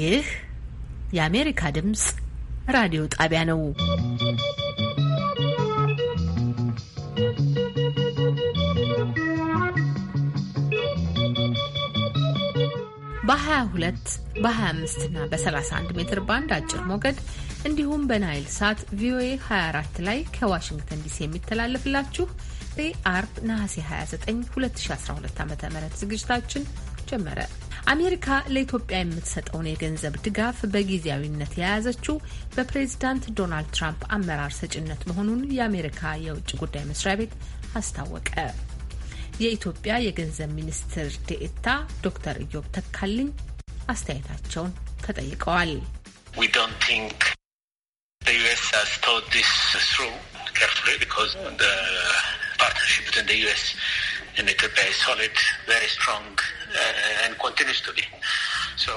ይህ የአሜሪካ ድምፅ ራዲዮ ጣቢያ ነው። በ22 በ25 እና በ31 ሜትር ባንድ አጭር ሞገድ እንዲሁም በናይል ሳት ቪኦኤ 24 ላይ ከዋሽንግተን ዲሲ የሚተላለፍላችሁ ሬ አርብ ነሐሴ 29 2012 ዓ ም ዝግጅታችን ጀመረ። አሜሪካ ለኢትዮጵያ የምትሰጠውን የገንዘብ ድጋፍ በጊዜያዊነት የያዘችው በፕሬዝዳንት ዶናልድ ትራምፕ አመራር ሰጭነት መሆኑን የአሜሪካ የውጭ ጉዳይ መስሪያ ቤት አስታወቀ። የኢትዮጵያ የገንዘብ ሚኒስትር ዴኤታ ዶክተር ኢዮብ ተካልኝ አስተያየታቸውን ተጠይቀዋል። ዩስ ኢትዮጵያ ሶሊድ ቨሪ ስትሮንግ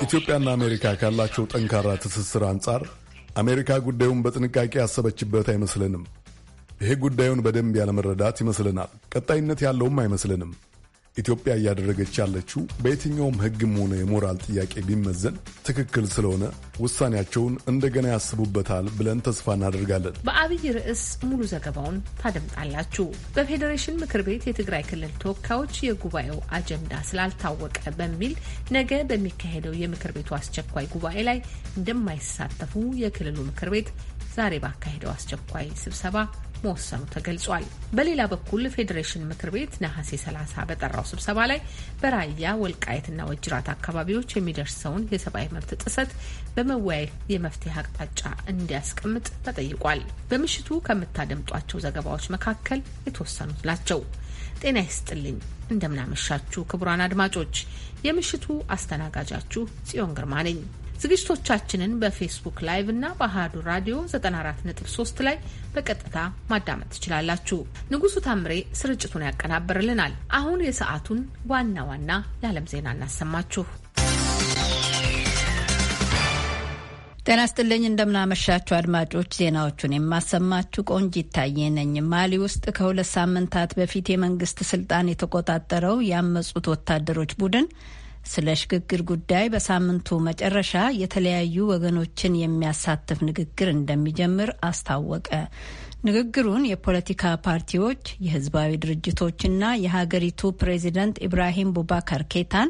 ኢትዮጵያና አሜሪካ ካላቸው ጠንካራ ትስስር አንጻር አሜሪካ ጉዳዩን በጥንቃቄ ያሰበችበት አይመስልንም። ይሄ ጉዳዩን በደንብ ያለመረዳት ይመስልናል ቀጣይነት ያለውም አይመስልንም ኢትዮጵያ እያደረገች ያለችው በየትኛውም ሕግም ሆነ የሞራል ጥያቄ ቢመዘን ትክክል ስለሆነ ውሳኔያቸውን እንደገና ያስቡበታል ብለን ተስፋ እናደርጋለን። በአብይ ርዕስ ሙሉ ዘገባውን ታደምጣላችሁ። በፌዴሬሽን ምክር ቤት የትግራይ ክልል ተወካዮች የጉባኤው አጀንዳ ስላልታወቀ በሚል ነገ በሚካሄደው የምክር ቤቱ አስቸኳይ ጉባኤ ላይ እንደማይሳተፉ የክልሉ ምክር ቤት ዛሬ ባካሄደው አስቸኳይ ስብሰባ መወሰኑ ተገልጿል። በሌላ በኩል ፌዴሬሽን ምክር ቤት ነሐሴ 30 በጠራው ስብሰባ ላይ በራያ ወልቃየትና ወጅራት አካባቢዎች የሚደርሰውን የሰብአዊ መብት ጥሰት በመወያየት የመፍትሄ አቅጣጫ እንዲያስቀምጥ ተጠይቋል። በምሽቱ ከምታደምጧቸው ዘገባዎች መካከል የተወሰኑት ናቸው። ጤና ይስጥልኝ። እንደምናመሻችሁ ክቡራን አድማጮች፣ የምሽቱ አስተናጋጃችሁ ጽዮን ግርማ ነኝ። ዝግጅቶቻችንን በፌስቡክ ላይቭ እና በአህዱ ራዲዮ 94.3 ላይ በቀጥታ ማዳመጥ ትችላላችሁ። ንጉሱ ታምሬ ስርጭቱን ያቀናበርልናል። አሁን የሰዓቱን ዋና ዋና የዓለም ዜና እናሰማችሁ። ጤና ስጥልኝ እንደምናመሻችሁ አድማጮች፣ ዜናዎቹን የማሰማችሁ ቆንጅ ይታየ ነኝ። ማሊ ውስጥ ከሁለት ሳምንታት በፊት የመንግስት ስልጣን የተቆጣጠረው ያመጹት ወታደሮች ቡድን ስለ ሽግግር ጉዳይ በሳምንቱ መጨረሻ የተለያዩ ወገኖችን የሚያሳትፍ ንግግር እንደሚጀምር አስታወቀ። ንግግሩን የፖለቲካ ፓርቲዎች፣ የህዝባዊ ድርጅቶችና የሀገሪቱ ፕሬዚደንት ኢብራሂም ቡባካር ኬታን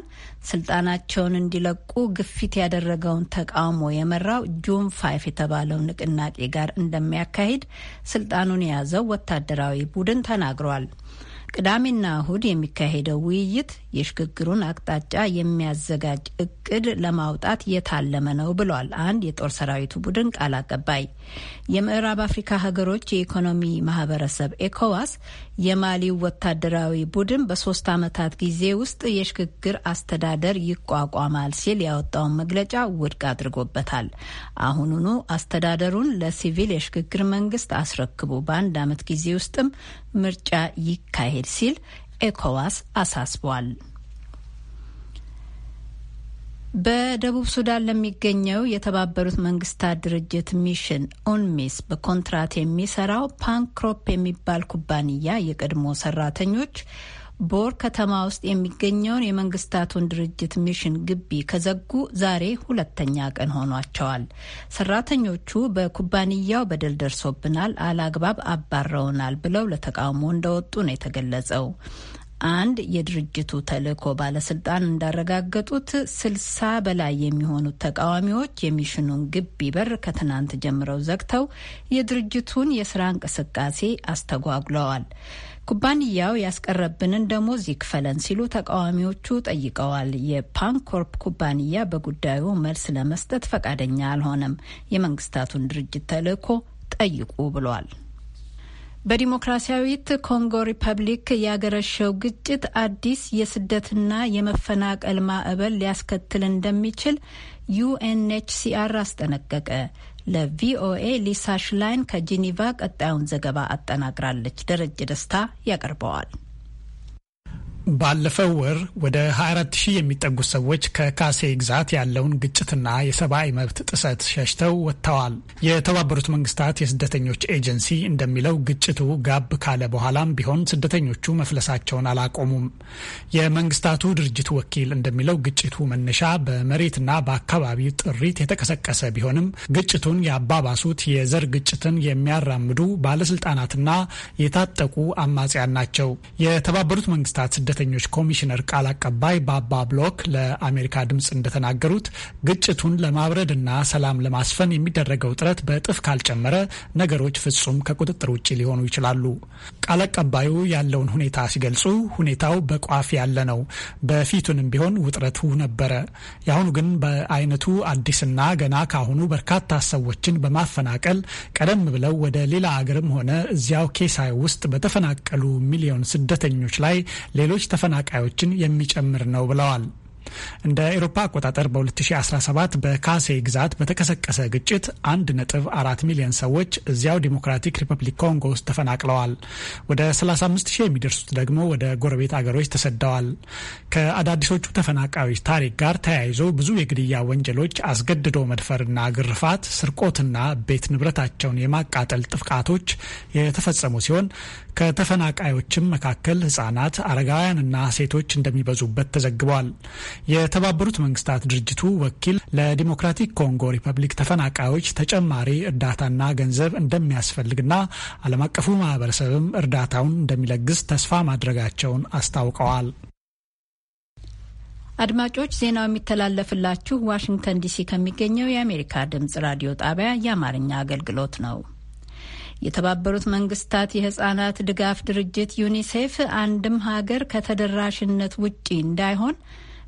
ስልጣናቸውን እንዲለቁ ግፊት ያደረገውን ተቃውሞ የመራው ጁን ፋይፍ የተባለው ንቅናቄ ጋር እንደሚያካሂድ ስልጣኑን የያዘው ወታደራዊ ቡድን ተናግሯል። ቅዳሜና እሁድ የሚካሄደው ውይይት የሽግግሩን አቅጣጫ የሚያዘጋጅ እቅድ ለማውጣት የታለመ ነው ብሏል አንድ የጦር ሰራዊቱ ቡድን ቃል አቀባይ። የምዕራብ አፍሪካ ሀገሮች የኢኮኖሚ ማህበረሰብ ኤኮዋስ የማሊው ወታደራዊ ቡድን በሶስት ዓመታት ጊዜ ውስጥ የሽግግር አስተዳደር ይቋቋማል ሲል ያወጣውን መግለጫ ውድቅ አድርጎበታል። አሁኑኑ አስተዳደሩን ለሲቪል የሽግግር መንግስት አስረክቡ፣ በአንድ ዓመት ጊዜ ውስጥም ምርጫ ይካሄድ ሲል ኤኮዋስ አሳስቧል። በደቡብ ሱዳን ለሚገኘው የተባበሩት መንግስታት ድርጅት ሚሽን ኦንሚስ በኮንትራት የሚሰራው ፓንክሮፕ የሚባል ኩባንያ የቀድሞ ሰራተኞች ቦር ከተማ ውስጥ የሚገኘውን የመንግስታቱን ድርጅት ሚሽን ግቢ ከዘጉ ዛሬ ሁለተኛ ቀን ሆኗቸዋል። ሰራተኞቹ በኩባንያው በደል ደርሶብናል፣ አላግባብ አባረውናል ብለው ለተቃውሞ እንደወጡ ነው የተገለጸው። አንድ የድርጅቱ ተልእኮ ባለስልጣን እንዳረጋገጡት ስልሳ በላይ የሚሆኑት ተቃዋሚዎች የሚሽኑን ግቢ በር ከትናንት ጀምረው ዘግተው የድርጅቱን የስራ እንቅስቃሴ አስተጓጉለዋል። ኩባንያው ያስቀረብንን ደሞዝ ይክፈለን ሲሉ ተቃዋሚዎቹ ጠይቀዋል። የፓንኮርፕ ኩባንያ በጉዳዩ መልስ ለመስጠት ፈቃደኛ አልሆነም። የመንግስታቱን ድርጅት ተልእኮ ጠይቁ ብሏል። በዲሞክራሲያዊት ኮንጎ ሪፐብሊክ ያገረሸው ግጭት አዲስ የስደትና የመፈናቀል ማዕበል ሊያስከትል እንደሚችል ዩኤንኤችሲአር አስጠነቀቀ። ለቪኦኤ ሊሳ ሽላይን ከጄኒቫ ቀጣዩን ዘገባ አጠናቅራለች። ደረጀ ደስታ ያቀርበዋል። ባለፈው ወር ወደ 24 ሺህ የሚጠጉ ሰዎች ከካሴ ግዛት ያለውን ግጭትና የሰብአዊ መብት ጥሰት ሸሽተው ወጥተዋል። የተባበሩት መንግስታት የስደተኞች ኤጀንሲ እንደሚለው ግጭቱ ጋብ ካለ በኋላም ቢሆን ስደተኞቹ መፍለሳቸውን አላቆሙም። የመንግስታቱ ድርጅት ወኪል እንደሚለው ግጭቱ መነሻ በመሬትና በአካባቢው ጥሪት የተቀሰቀሰ ቢሆንም ግጭቱን ያባባሱት የዘር ግጭትን የሚያራምዱ ባለስልጣናትና የታጠቁ አማጽያን ናቸው። የተባበሩት መንግስታት የስደተኞች ኮሚሽነር ቃል አቀባይ ባባ ብሎክ ለአሜሪካ ድምፅ እንደተናገሩት ግጭቱን ለማብረድና ሰላም ለማስፈን የሚደረገው ጥረት በእጥፍ ካልጨመረ ነገሮች ፍጹም ከቁጥጥር ውጭ ሊሆኑ ይችላሉ። ቃል አቀባዩ ያለውን ሁኔታ ሲገልጹ ሁኔታው በቋፍ ያለ ነው። በፊቱንም ቢሆን ውጥረቱ ነበረ። የአሁኑ ግን በአይነቱ አዲስና ገና ካሁኑ በርካታ ሰዎችን በማፈናቀል ቀደም ብለው ወደ ሌላ አገርም ሆነ እዚያው ኬሳይ ውስጥ በተፈናቀሉ ሚሊዮን ስደተኞች ላይ ሌሎች ሌሎች ተፈናቃዮችን የሚጨምር ነው ብለዋል። እንደ ኤሮፓ አቆጣጠር በ2017 በካሴ ግዛት በተቀሰቀሰ ግጭት 1.4 ሚሊዮን ሰዎች እዚያው ዲሞክራቲክ ሪፐብሊክ ኮንጎ ውስጥ ተፈናቅለዋል። ወደ 35 ሺህ የሚደርሱት ደግሞ ወደ ጎረቤት አገሮች ተሰደዋል። ከአዳዲሶቹ ተፈናቃዮች ታሪክ ጋር ተያይዞ ብዙ የግድያ ወንጀሎች፣ አስገድዶ መድፈርና ግርፋት፣ ስርቆትና ቤት ንብረታቸውን የማቃጠል ጥፍቃቶች የተፈጸሙ ሲሆን ከተፈናቃዮችም መካከል ህጻናት፣ አረጋውያንና ሴቶች እንደሚበዙበት ተዘግቧል። የተባበሩት መንግስታት ድርጅቱ ወኪል ለዲሞክራቲክ ኮንጎ ሪፐብሊክ ተፈናቃዮች ተጨማሪ እርዳታና ገንዘብ እንደሚያስፈልግና ዓለም አቀፉ ማህበረሰብም እርዳታውን እንደሚለግስ ተስፋ ማድረጋቸውን አስታውቀዋል። አድማጮች ዜናው የሚተላለፍላችሁ ዋሽንግተን ዲሲ ከሚገኘው የአሜሪካ ድምጽ ራዲዮ ጣቢያ የአማርኛ አገልግሎት ነው። የተባበሩት መንግስታት የህጻናት ድጋፍ ድርጅት ዩኒሴፍ አንድም ሀገር ከተደራሽነት ውጪ እንዳይሆን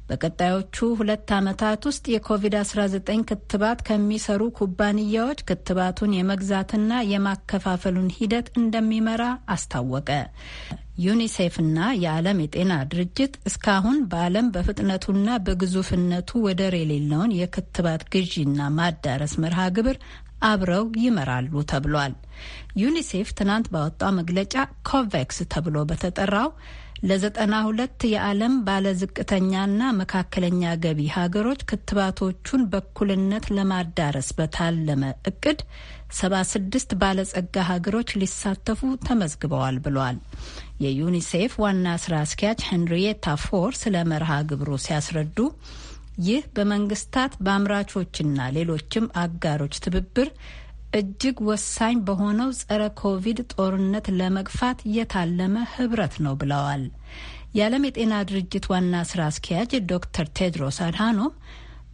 በቀጣዮቹ ሁለት ዓመታት ውስጥ የኮቪድ-19 ክትባት ከሚሰሩ ኩባንያዎች ክትባቱን የመግዛትና የማከፋፈሉን ሂደት እንደሚመራ አስታወቀ። ዩኒሴፍና የዓለም የጤና ድርጅት እስካሁን በዓለም በፍጥነቱና በግዙፍነቱ ወደር የሌለውን የክትባት ግዢና ማዳረስ መርሃ ግብር አብረው ይመራሉ ተብሏል። ዩኒሴፍ ትናንት ባወጣው መግለጫ ኮቬክስ ተብሎ በተጠራው ለዘጠና ሁለት የዓለም ባለ ዝቅተኛና መካከለኛ ገቢ ሀገሮች ክትባቶቹን በኩልነት ለማዳረስ በታለመ እቅድ ሰባ ስድስት ባለጸጋ ሀገሮች ሊሳተፉ ተመዝግበዋል ብሏል። የዩኒሴፍ ዋና ስራ አስኪያጅ ሄንሪየታ ፎር ስለ መርሃ ግብሩ ሲያስረዱ ይህ በመንግስታት በአምራቾችና ሌሎችም አጋሮች ትብብር እጅግ ወሳኝ በሆነው ጸረ ኮቪድ ጦርነት ለመግፋት የታለመ ህብረት ነው ብለዋል። የዓለም የጤና ድርጅት ዋና ስራ አስኪያጅ ዶክተር ቴድሮስ አድሃኖም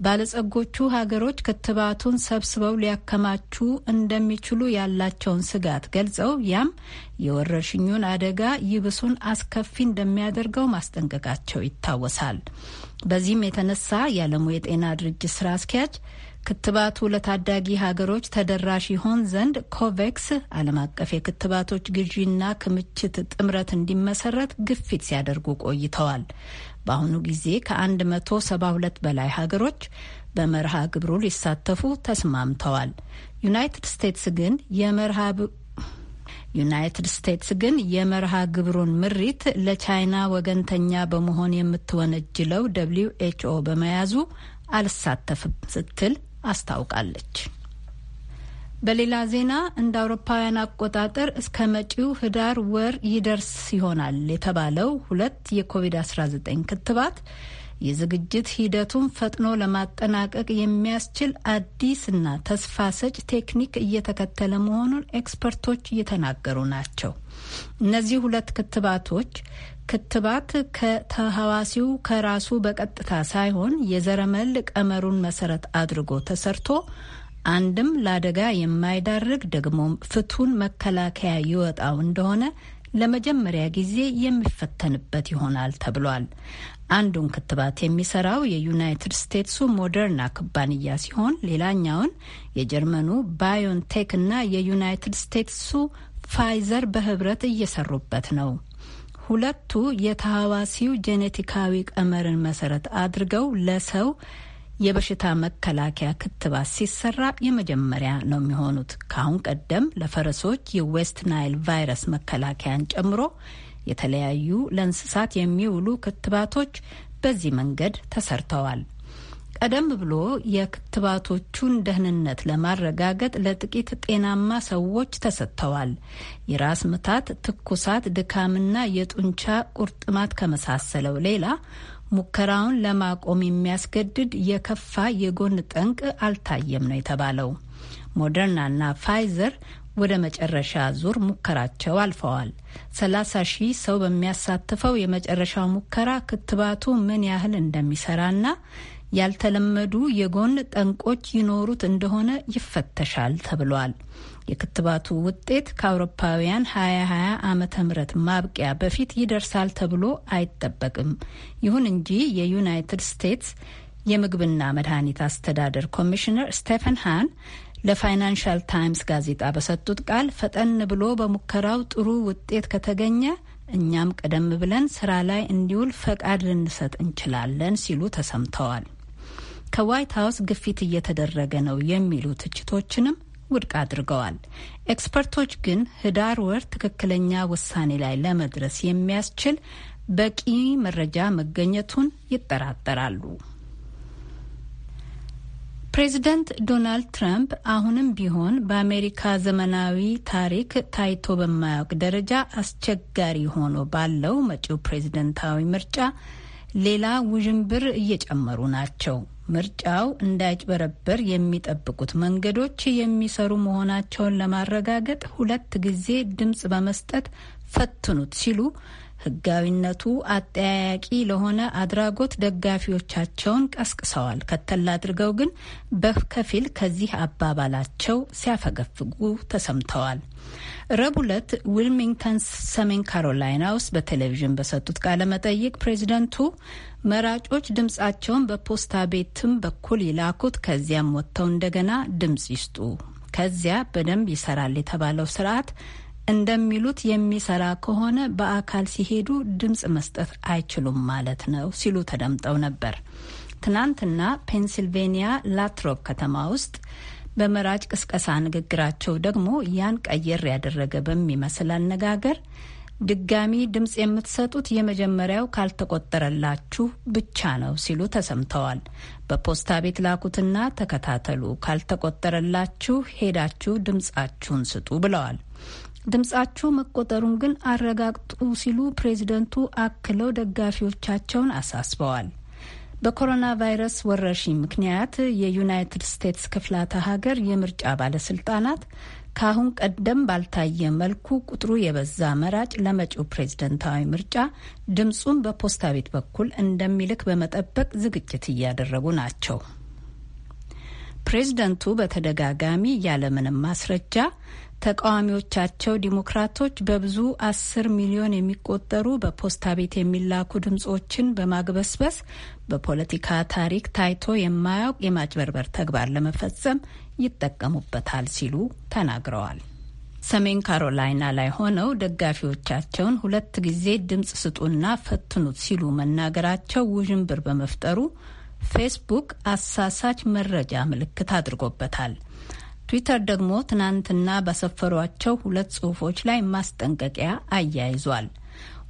ባለጸጎቹ ሀገሮች ክትባቱን ሰብስበው ሊያከማቹ እንደሚችሉ ያላቸውን ስጋት ገልጸው ያም የወረርሽኙን አደጋ ይብሱን አስከፊ እንደሚያደርገው ማስጠንቀቃቸው ይታወሳል። በዚህም የተነሳ የዓለሙ የጤና ድርጅት ስራ አስኪያጅ ክትባቱ ለታዳጊ ሀገሮች ተደራሽ ይሆን ዘንድ ኮቬክስ ዓለም አቀፍ የክትባቶች ግዢና ክምችት ጥምረት እንዲመሰረት ግፊት ሲያደርጉ ቆይተዋል። በአሁኑ ጊዜ ከ172 በላይ ሀገሮች በመርሃ ግብሩ ሊሳተፉ ተስማምተዋል። ዩናይትድ ስቴትስ ግን የመርሃ ዩናይትድ ስቴትስ ግን የመርሃ ግብሩን ምሪት ለቻይና ወገንተኛ በመሆን የምትወነጅለው ደብሊው ኤች ኦ በመያዙ አልሳተፍም ስትል አስታውቃለች። በሌላ ዜና እንደ አውሮፓውያን አቆጣጠር እስከ መጪው ህዳር ወር ይደርስ ይሆናል የተባለው ሁለት የኮቪድ-19 ክትባት የዝግጅት ሂደቱን ፈጥኖ ለማጠናቀቅ የሚያስችል አዲስና ተስፋ ሰጭ ቴክኒክ እየተከተለ መሆኑን ኤክስፐርቶች እየተናገሩ ናቸው። እነዚህ ሁለት ክትባቶች ክትባት ከተህዋሲው ከራሱ በቀጥታ ሳይሆን የዘረመል ቀመሩን መሰረት አድርጎ ተሰርቶ አንድም ለአደጋ የማይዳርግ ደግሞም ፍቱን መከላከያ ይወጣው እንደሆነ ለመጀመሪያ ጊዜ የሚፈተንበት ይሆናል ተብሏል። አንዱን ክትባት የሚሰራው የዩናይትድ ስቴትሱ ሞደርና ኩባንያ ሲሆን ሌላኛውን የጀርመኑ ባዮንቴክ እና የዩናይትድ ስቴትሱ ፋይዘር በህብረት እየሰሩበት ነው። ሁለቱ የተሐዋሲው ጄኔቲካዊ ቀመርን መሰረት አድርገው ለሰው የበሽታ መከላከያ ክትባት ሲሰራ የመጀመሪያ ነው የሚሆኑት። ከአሁን ቀደም ለፈረሶች የዌስት ናይል ቫይረስ መከላከያን ጨምሮ የተለያዩ ለእንስሳት የሚውሉ ክትባቶች በዚህ መንገድ ተሰርተዋል። ቀደም ብሎ የክትባቶቹን ደህንነት ለማረጋገጥ ለጥቂት ጤናማ ሰዎች ተሰጥተዋል። የራስ ምታት፣ ትኩሳት፣ ድካምና የጡንቻ ቁርጥማት ከመሳሰለው ሌላ ሙከራውን ለማቆም የሚያስገድድ የከፋ የጎን ጠንቅ አልታየም ነው የተባለው። ሞደርናና ፋይዘር ወደ መጨረሻ ዙር ሙከራቸው አልፈዋል። ሰላሳ ሺህ ሰው በሚያሳትፈው የመጨረሻው ሙከራ ክትባቱ ምን ያህል እንደሚሰራና ያልተለመዱ የጎን ጠንቆች ይኖሩት እንደሆነ ይፈተሻል ተብሏል። የክትባቱ ውጤት ከአውሮፓውያን 2020 ዓመተ ምህረት ማብቂያ በፊት ይደርሳል ተብሎ አይጠበቅም። ይሁን እንጂ የዩናይትድ ስቴትስ የምግብና መድኃኒት አስተዳደር ኮሚሽነር ስቴፈን ሃን ለፋይናንሻል ታይምስ ጋዜጣ በሰጡት ቃል ፈጠን ብሎ በሙከራው ጥሩ ውጤት ከተገኘ እኛም ቀደም ብለን ስራ ላይ እንዲውል ፈቃድ ልንሰጥ እንችላለን ሲሉ ተሰምተዋል። ከዋይት ሀውስ ግፊት እየተደረገ ነው የሚሉ ትችቶችንም ውድቅ አድርገዋል። ኤክስፐርቶች ግን ህዳር ወር ትክክለኛ ውሳኔ ላይ ለመድረስ የሚያስችል በቂ መረጃ መገኘቱን ይጠራጠራሉ። ፕሬዚደንት ዶናልድ ትራምፕ አሁንም ቢሆን በአሜሪካ ዘመናዊ ታሪክ ታይቶ በማያውቅ ደረጃ አስቸጋሪ ሆኖ ባለው መጪው ፕሬዝደንታዊ ምርጫ ሌላ ውዥንብር እየጨመሩ ናቸው። ምርጫው እንዳይጭበረበር የሚጠብቁት መንገዶች የሚሰሩ መሆናቸውን ለማረጋገጥ ሁለት ጊዜ ድምፅ በመስጠት ፈትኑት ሲሉ ህጋዊነቱ አጠያያቂ ለሆነ አድራጎት ደጋፊዎቻቸውን ቀስቅሰዋል። ከተል አድርገው ግን በከፊል ከዚህ አባባላቸው ሲያፈገፍጉ ተሰምተዋል። ረቡዕ ዕለት ዊልሚንግተን፣ ሰሜን ካሮላይና ውስጥ በቴሌቪዥን በሰጡት ቃለ መጠይቅ ፕሬዚደንቱ መራጮች ድምጻቸውን በፖስታ ቤትም በኩል ይላኩት፣ ከዚያም ወጥተው እንደገና ድምጽ ይስጡ፣ ከዚያ በደንብ ይሰራል የተባለው ስርዓት እንደሚሉት የሚሰራ ከሆነ በአካል ሲሄዱ ድምፅ መስጠት አይችሉም ማለት ነው ሲሉ ተደምጠው ነበር። ትናንትና ፔንሲልቬኒያ ላትሮክ ከተማ ውስጥ በመራጭ ቅስቀሳ ንግግራቸው ደግሞ ያን ቀየር ያደረገ በሚመስል አነጋገር ድጋሚ ድምፅ የምትሰጡት የመጀመሪያው ካልተቆጠረላችሁ ብቻ ነው ሲሉ ተሰምተዋል። በፖስታ ቤት ላኩትና ተከታተሉ፣ ካልተቆጠረላችሁ ሄዳችሁ ድምፃችሁን ስጡ ብለዋል። ድምጻቸው መቆጠሩን ግን አረጋግጡ ሲሉ ፕሬዚደንቱ አክለው ደጋፊዎቻቸውን አሳስበዋል። በኮሮና ቫይረስ ወረርሽኝ ምክንያት የዩናይትድ ስቴትስ ክፍላተ ሀገር የምርጫ ባለስልጣናት ከአሁን ቀደም ባልታየ መልኩ ቁጥሩ የበዛ መራጭ ለመጪው ፕሬዝደንታዊ ምርጫ ድምፁን በፖስታ ቤት በኩል እንደሚልክ በመጠበቅ ዝግጅት እያደረጉ ናቸው። ፕሬዝደንቱ በተደጋጋሚ ያለምንም ማስረጃ ተቃዋሚዎቻቸው ዲሞክራቶች በብዙ አስር ሚሊዮን የሚቆጠሩ በፖስታ ቤት የሚላኩ ድምጾችን በማግበስበስ በፖለቲካ ታሪክ ታይቶ የማያውቅ የማጭበርበር ተግባር ለመፈጸም ይጠቀሙበታል ሲሉ ተናግረዋል። ሰሜን ካሮላይና ላይ ሆነው ደጋፊዎቻቸውን ሁለት ጊዜ ድምፅ ስጡና ፈትኑት ሲሉ መናገራቸው ውዥንብር በመፍጠሩ ፌስቡክ አሳሳች መረጃ ምልክት አድርጎበታል። ትዊተር ደግሞ ትናንትና በሰፈሯቸው ሁለት ጽሑፎች ላይ ማስጠንቀቂያ አያይዟል።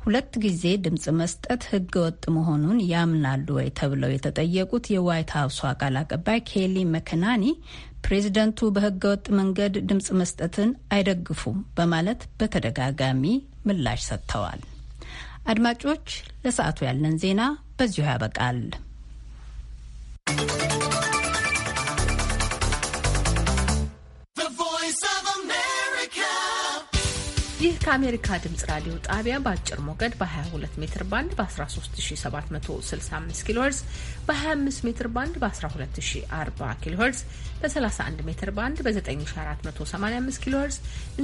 ሁለት ጊዜ ድምፅ መስጠት ሕገ ወጥ መሆኑን ያምናሉ ወይ ተብለው የተጠየቁት የዋይት ሀውሱ ቃል አቀባይ ኬሊ መከናኒ ፕሬዝደንቱ በህገ ወጥ መንገድ ድምፅ መስጠትን አይደግፉም በማለት በተደጋጋሚ ምላሽ ሰጥተዋል። አድማጮች፣ ለሰዓቱ ያለን ዜና በዚሁ ያበቃል። ይህ ከአሜሪካ ድምጽ ራዲዮ ጣቢያ በአጭር ሞገድ በ22 ሜትር ባንድ በ13765 ኪሎ በ25 ሜትር ባንድ በ1240 ኪሎ በ31 ሜትር ባንድ በ9485 ኪሎ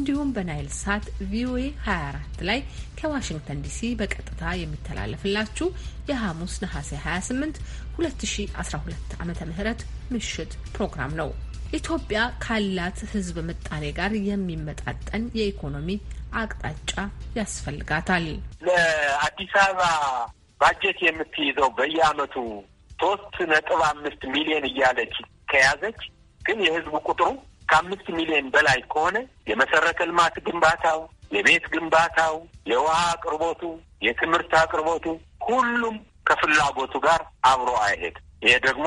እንዲሁም በናይል ሳት ቪኦኤ 24 ላይ ከዋሽንግተን ዲሲ በቀጥታ የሚተላለፍላችሁ የሐሙስ ነሐሴ 28 2012 ዓ ም ምሽት ፕሮግራም ነው። ኢትዮጵያ ካላት ሕዝብ ምጣኔ ጋር የሚመጣጠን የኢኮኖሚ አቅጣጫ ያስፈልጋታል። ለአዲስ አበባ ባጀት የምትይዘው በየአመቱ ሶስት ነጥብ አምስት ሚሊዮን እያለች ከያዘች ግን የህዝቡ ቁጥሩ ከአምስት ሚሊዮን በላይ ከሆነ የመሰረተ ልማት ግንባታው፣ የቤት ግንባታው፣ የውሃ አቅርቦቱ፣ የትምህርት አቅርቦቱ ሁሉም ከፍላጎቱ ጋር አብሮ አይሄድ። ይሄ ደግሞ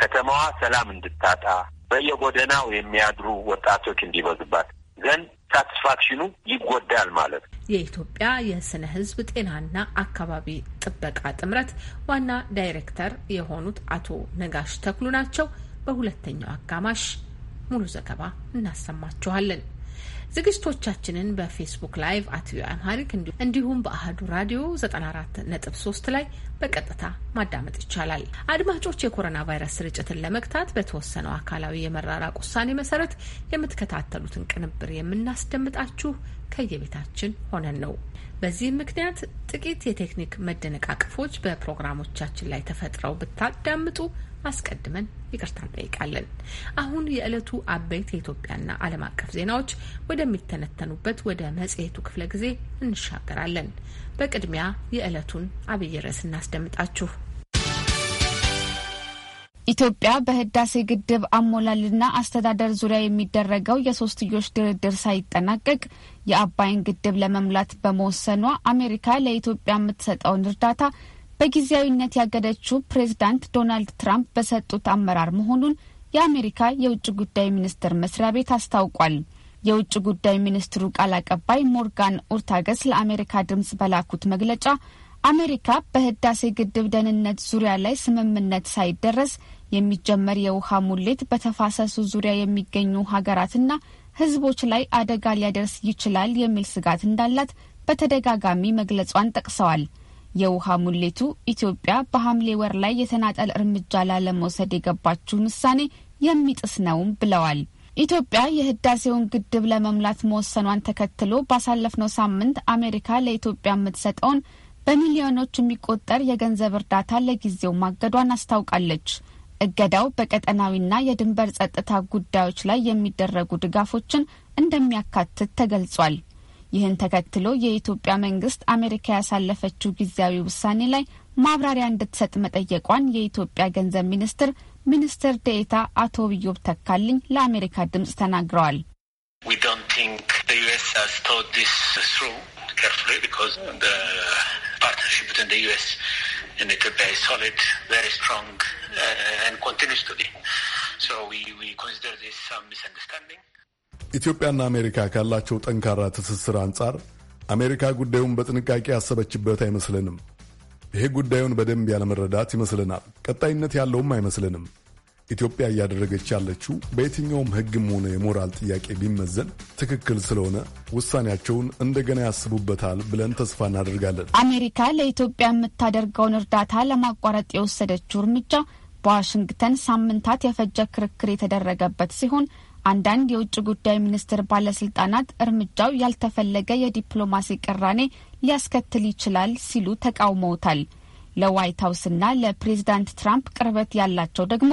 ከተማዋ ሰላም እንድታጣ በየጎደናው የሚያድሩ ወጣቶች እንዲበዙባት ግን ሳትስፋክሽኑ ይጎዳል ማለት ነው። የኢትዮጵያ የስነ ህዝብ ጤናና አካባቢ ጥበቃ ጥምረት ዋና ዳይሬክተር የሆኑት አቶ ነጋሽ ተክሉ ናቸው። በሁለተኛው አጋማሽ ሙሉ ዘገባ እናሰማችኋለን። ዝግጅቶቻችንን በፌስቡክ ላይቭ አት ቪኦኤ አምሃሪክ እንዲሁም በአህዱ ራዲዮ 94.3 ላይ በቀጥታ ማዳመጥ ይቻላል። አድማጮች፣ የኮሮና ቫይረስ ስርጭትን ለመግታት በተወሰነው አካላዊ የመራራቅ ውሳኔ መሰረት የምትከታተሉትን ቅንብር የምናስደምጣችሁ ከየቤታችን ሆነን ነው። በዚህም ምክንያት ጥቂት የቴክኒክ መደነቃቀፎች በፕሮግራሞቻችን ላይ ተፈጥረው ብታዳምጡ አስቀድመን ይቅርታ እንጠይቃለን። አሁን የዕለቱ አበይት የኢትዮጵያና ዓለም አቀፍ ዜናዎች ወደሚተነተኑበት ወደ መጽሔቱ ክፍለ ጊዜ እንሻገራለን። በቅድሚያ የዕለቱን አብይ ርዕስ እናስደምጣችሁ። ኢትዮጵያ በህዳሴ ግድብ አሞላልና አስተዳደር ዙሪያ የሚደረገው የሶስትዮሽ ድርድር ሳይጠናቀቅ የአባይን ግድብ ለመሙላት በመወሰኗ አሜሪካ ለኢትዮጵያ የምትሰጠውን እርዳታ በጊዜያዊነት ያገደችው ፕሬዝዳንት ዶናልድ ትራምፕ በሰጡት አመራር መሆኑን የአሜሪካ የውጭ ጉዳይ ሚኒስቴር መስሪያ ቤት አስታውቋል። የውጭ ጉዳይ ሚኒስትሩ ቃል አቀባይ ሞርጋን ኦርታገስ ለአሜሪካ ድምጽ በላኩት መግለጫ አሜሪካ በህዳሴ ግድብ ደህንነት ዙሪያ ላይ ስምምነት ሳይደረስ የሚጀመር የውሃ ሙሌት በተፋሰሱ ዙሪያ የሚገኙ ሀገራትና ህዝቦች ላይ አደጋ ሊያደርስ ይችላል የሚል ስጋት እንዳላት በተደጋጋሚ መግለጿን ጠቅሰዋል። የውሃ ሙሌቱ ኢትዮጵያ በሐምሌ ወር ላይ የተናጠል እርምጃ ላለመውሰድ የገባችውን ውሳኔ የሚጥስ ነውም ብለዋል። ኢትዮጵያ የህዳሴውን ግድብ ለመሙላት መወሰኗን ተከትሎ ባሳለፍነው ሳምንት አሜሪካ ለኢትዮጵያ የምትሰጠውን በሚሊዮኖች የሚቆጠር የገንዘብ እርዳታ ለጊዜው ማገዷን አስታውቃለች። እገዳው በቀጠናዊና የድንበር ጸጥታ ጉዳዮች ላይ የሚደረጉ ድጋፎችን እንደሚያካትት ተገልጿል። ይህን ተከትሎ የኢትዮጵያ መንግስት አሜሪካ ያሳለፈችው ጊዜያዊ ውሳኔ ላይ ማብራሪያ እንድትሰጥ መጠየቋን የኢትዮጵያ ገንዘብ ሚኒስትር ሚኒስትር ዴኤታ አቶ ብዮብ ተካልኝ ለአሜሪካ ድምጽ ተናግረዋል። ፓርትነርሽፕ ኢትዮጵያና አሜሪካ ካላቸው ጠንካራ ትስስር አንጻር አሜሪካ ጉዳዩን በጥንቃቄ ያሰበችበት አይመስልንም። ይሄ ጉዳዩን በደንብ ያለመረዳት ይመስልናል። ቀጣይነት ያለውም አይመስልንም። ኢትዮጵያ እያደረገች ያለችው በየትኛውም ሕግም ሆነ የሞራል ጥያቄ ቢመዘን ትክክል ስለሆነ ውሳኔያቸውን እንደገና ያስቡበታል ብለን ተስፋ እናደርጋለን። አሜሪካ ለኢትዮጵያ የምታደርገውን እርዳታ ለማቋረጥ የወሰደችው እርምጃ በዋሽንግተን ሳምንታት የፈጀ ክርክር የተደረገበት ሲሆን አንዳንድ የውጭ ጉዳይ ሚኒስትር ባለስልጣናት እርምጃው ያልተፈለገ የዲፕሎማሲ ቅራኔ ሊያስከትል ይችላል ሲሉ ተቃውመውታል። ለዋይት ሀውስና ለፕሬዚዳንት ትራምፕ ቅርበት ያላቸው ደግሞ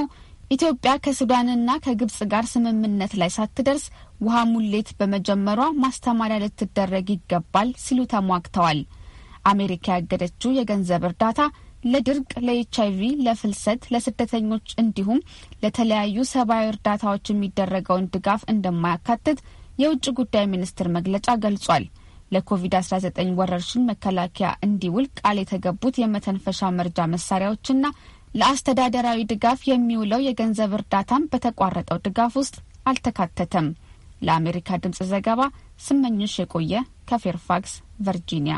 ኢትዮጵያ ከሱዳንና ከግብጽ ጋር ስምምነት ላይ ሳትደርስ ውሃ ሙሌት በመጀመሯ ማስተማሪያ ልትደረግ ይገባል ሲሉ ተሟግተዋል። አሜሪካ ያገደችው የገንዘብ እርዳታ ለድርቅ፣ ለኤች አይቪ፣ ለፍልሰት፣ ለስደተኞች እንዲሁም ለተለያዩ ሰብአዊ እርዳታዎች የሚደረገውን ድጋፍ እንደማያካትት የውጭ ጉዳይ ሚኒስቴር መግለጫ ገልጿል። ለኮቪድ-19 ወረርሽኝ መከላከያ እንዲውል ቃል የተገቡት የመተንፈሻ መርጃ መሳሪያዎችና ለአስተዳደራዊ ድጋፍ የሚውለው የገንዘብ እርዳታም በተቋረጠው ድጋፍ ውስጥ አልተካተተም። ለአሜሪካ ድምጽ ዘገባ ስመኝሽ የቆየ ከፌርፋክስ ቨርጂኒያ።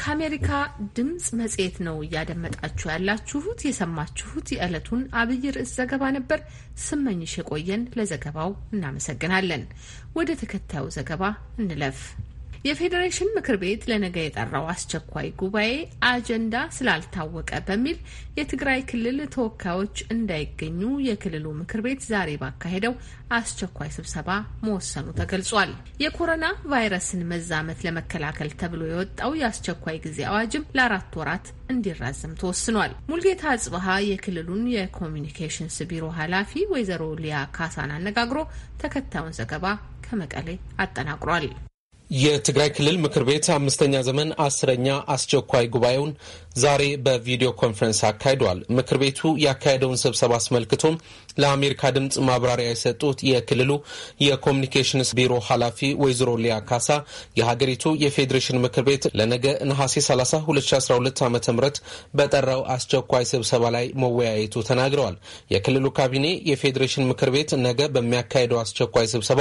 ከአሜሪካ ድምፅ መጽሔት ነው እያደመጣችሁ ያላችሁት። የሰማችሁት የዕለቱን አብይ ርዕስ ዘገባ ነበር። ስመኝሽ የቆየን ለዘገባው እናመሰግናለን። ወደ ተከታዩ ዘገባ እንለፍ። የፌዴሬሽን ምክር ቤት ለነገ የጠራው አስቸኳይ ጉባኤ አጀንዳ ስላልታወቀ በሚል የትግራይ ክልል ተወካዮች እንዳይገኙ የክልሉ ምክር ቤት ዛሬ ባካሄደው አስቸኳይ ስብሰባ መወሰኑ ተገልጿል። የኮሮና ቫይረስን መዛመት ለመከላከል ተብሎ የወጣው የአስቸኳይ ጊዜ አዋጅም ለአራት ወራት እንዲራዘም ተወስኗል። ሙልጌታ አጽብሃ የክልሉን የኮሚኒኬሽንስ ቢሮ ኃላፊ ወይዘሮ ሊያ ካሳን አነጋግሮ ተከታዩን ዘገባ ከመቀሌ አጠናቅሯል። የትግራይ ክልል ምክር ቤት አምስተኛ ዘመን አስረኛ አስቸኳይ ጉባኤውን ዛሬ በቪዲዮ ኮንፈረንስ አካሂደዋል። ምክር ቤቱ ያካሄደውን ስብሰባ አስመልክቶም ለአሜሪካ ድምፅ ማብራሪያ የሰጡት የክልሉ የኮሚኒኬሽንስ ቢሮ ኃላፊ ወይዘሮ ሊያ ካሳ የሀገሪቱ የፌዴሬሽን ምክር ቤት ለነገ ነሐሴ 30 2012 ዓ ም በጠራው አስቸኳይ ስብሰባ ላይ መወያየቱ ተናግረዋል። የክልሉ ካቢኔ የፌዴሬሽን ምክር ቤት ነገ በሚያካሄደው አስቸኳይ ስብሰባ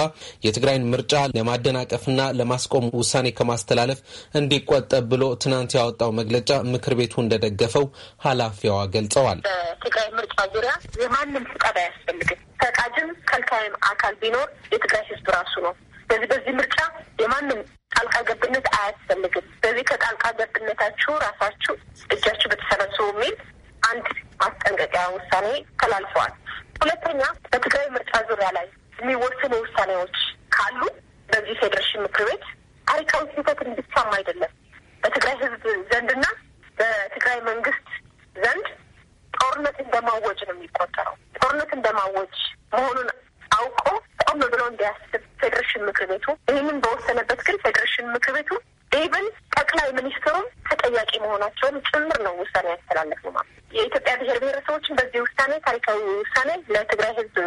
የትግራይን ምርጫ ለማደናቀፍና ለማስቆም ውሳኔ ከማስተላለፍ እንዲቆጠብ ብሎ ትናንት ያወጣው መግለጫ ምክር ቤቱ እንደደገፈው ኃላፊዋ ገልጸዋል። በትግራይ ምርጫ ዙሪያ የማንም ፍቃድ አያስፈልግም። ፈቃጅም ከልካይም አካል ቢኖር የትግራይ ህዝብ ራሱ ነው። ስለዚህ በዚህ ምርጫ የማንም ጣልቃ ገብነት አያስፈልግም። ስለዚህ ከጣልቃ ገብነታችሁ ራሳችሁ እጃችሁ በተሰረሱ የሚል አንድ ማስጠንቀቂያ ውሳኔ ተላልፈዋል። ሁለተኛ በትግራይ ምርጫ ዙሪያ ላይ የሚወሰኑ ውሳኔዎች ካሉ በዚህ ፌዴሬሽን ምክር ቤት ታሪካዊ ስህተት እንዲቻም አይደለም በትግራይ ህዝብ ዘንድና በትግራይ መንግስት ዘንድ ጦርነት እንደማወጅ ነው የሚቆጠረው። ጦርነት እንደማወጅ መሆኑን አውቆ ቆም ብሎ እንዲያስብ ፌዴሬሽን ምክር ቤቱ ይህንን በወሰነበት ግን ፌዴሬሽን ምክር ቤቱ ኢቨን ጠቅላይ ሚኒስትሩም ተጠያቂ መሆናቸውን ጭምር ነው ውሳኔ ያስተላለፍነው። ማለት የኢትዮጵያ ብሔር ብሔረሰቦችን በዚህ ውሳኔ ታሪካዊ ውሳኔ ለትግራይ ሕዝብ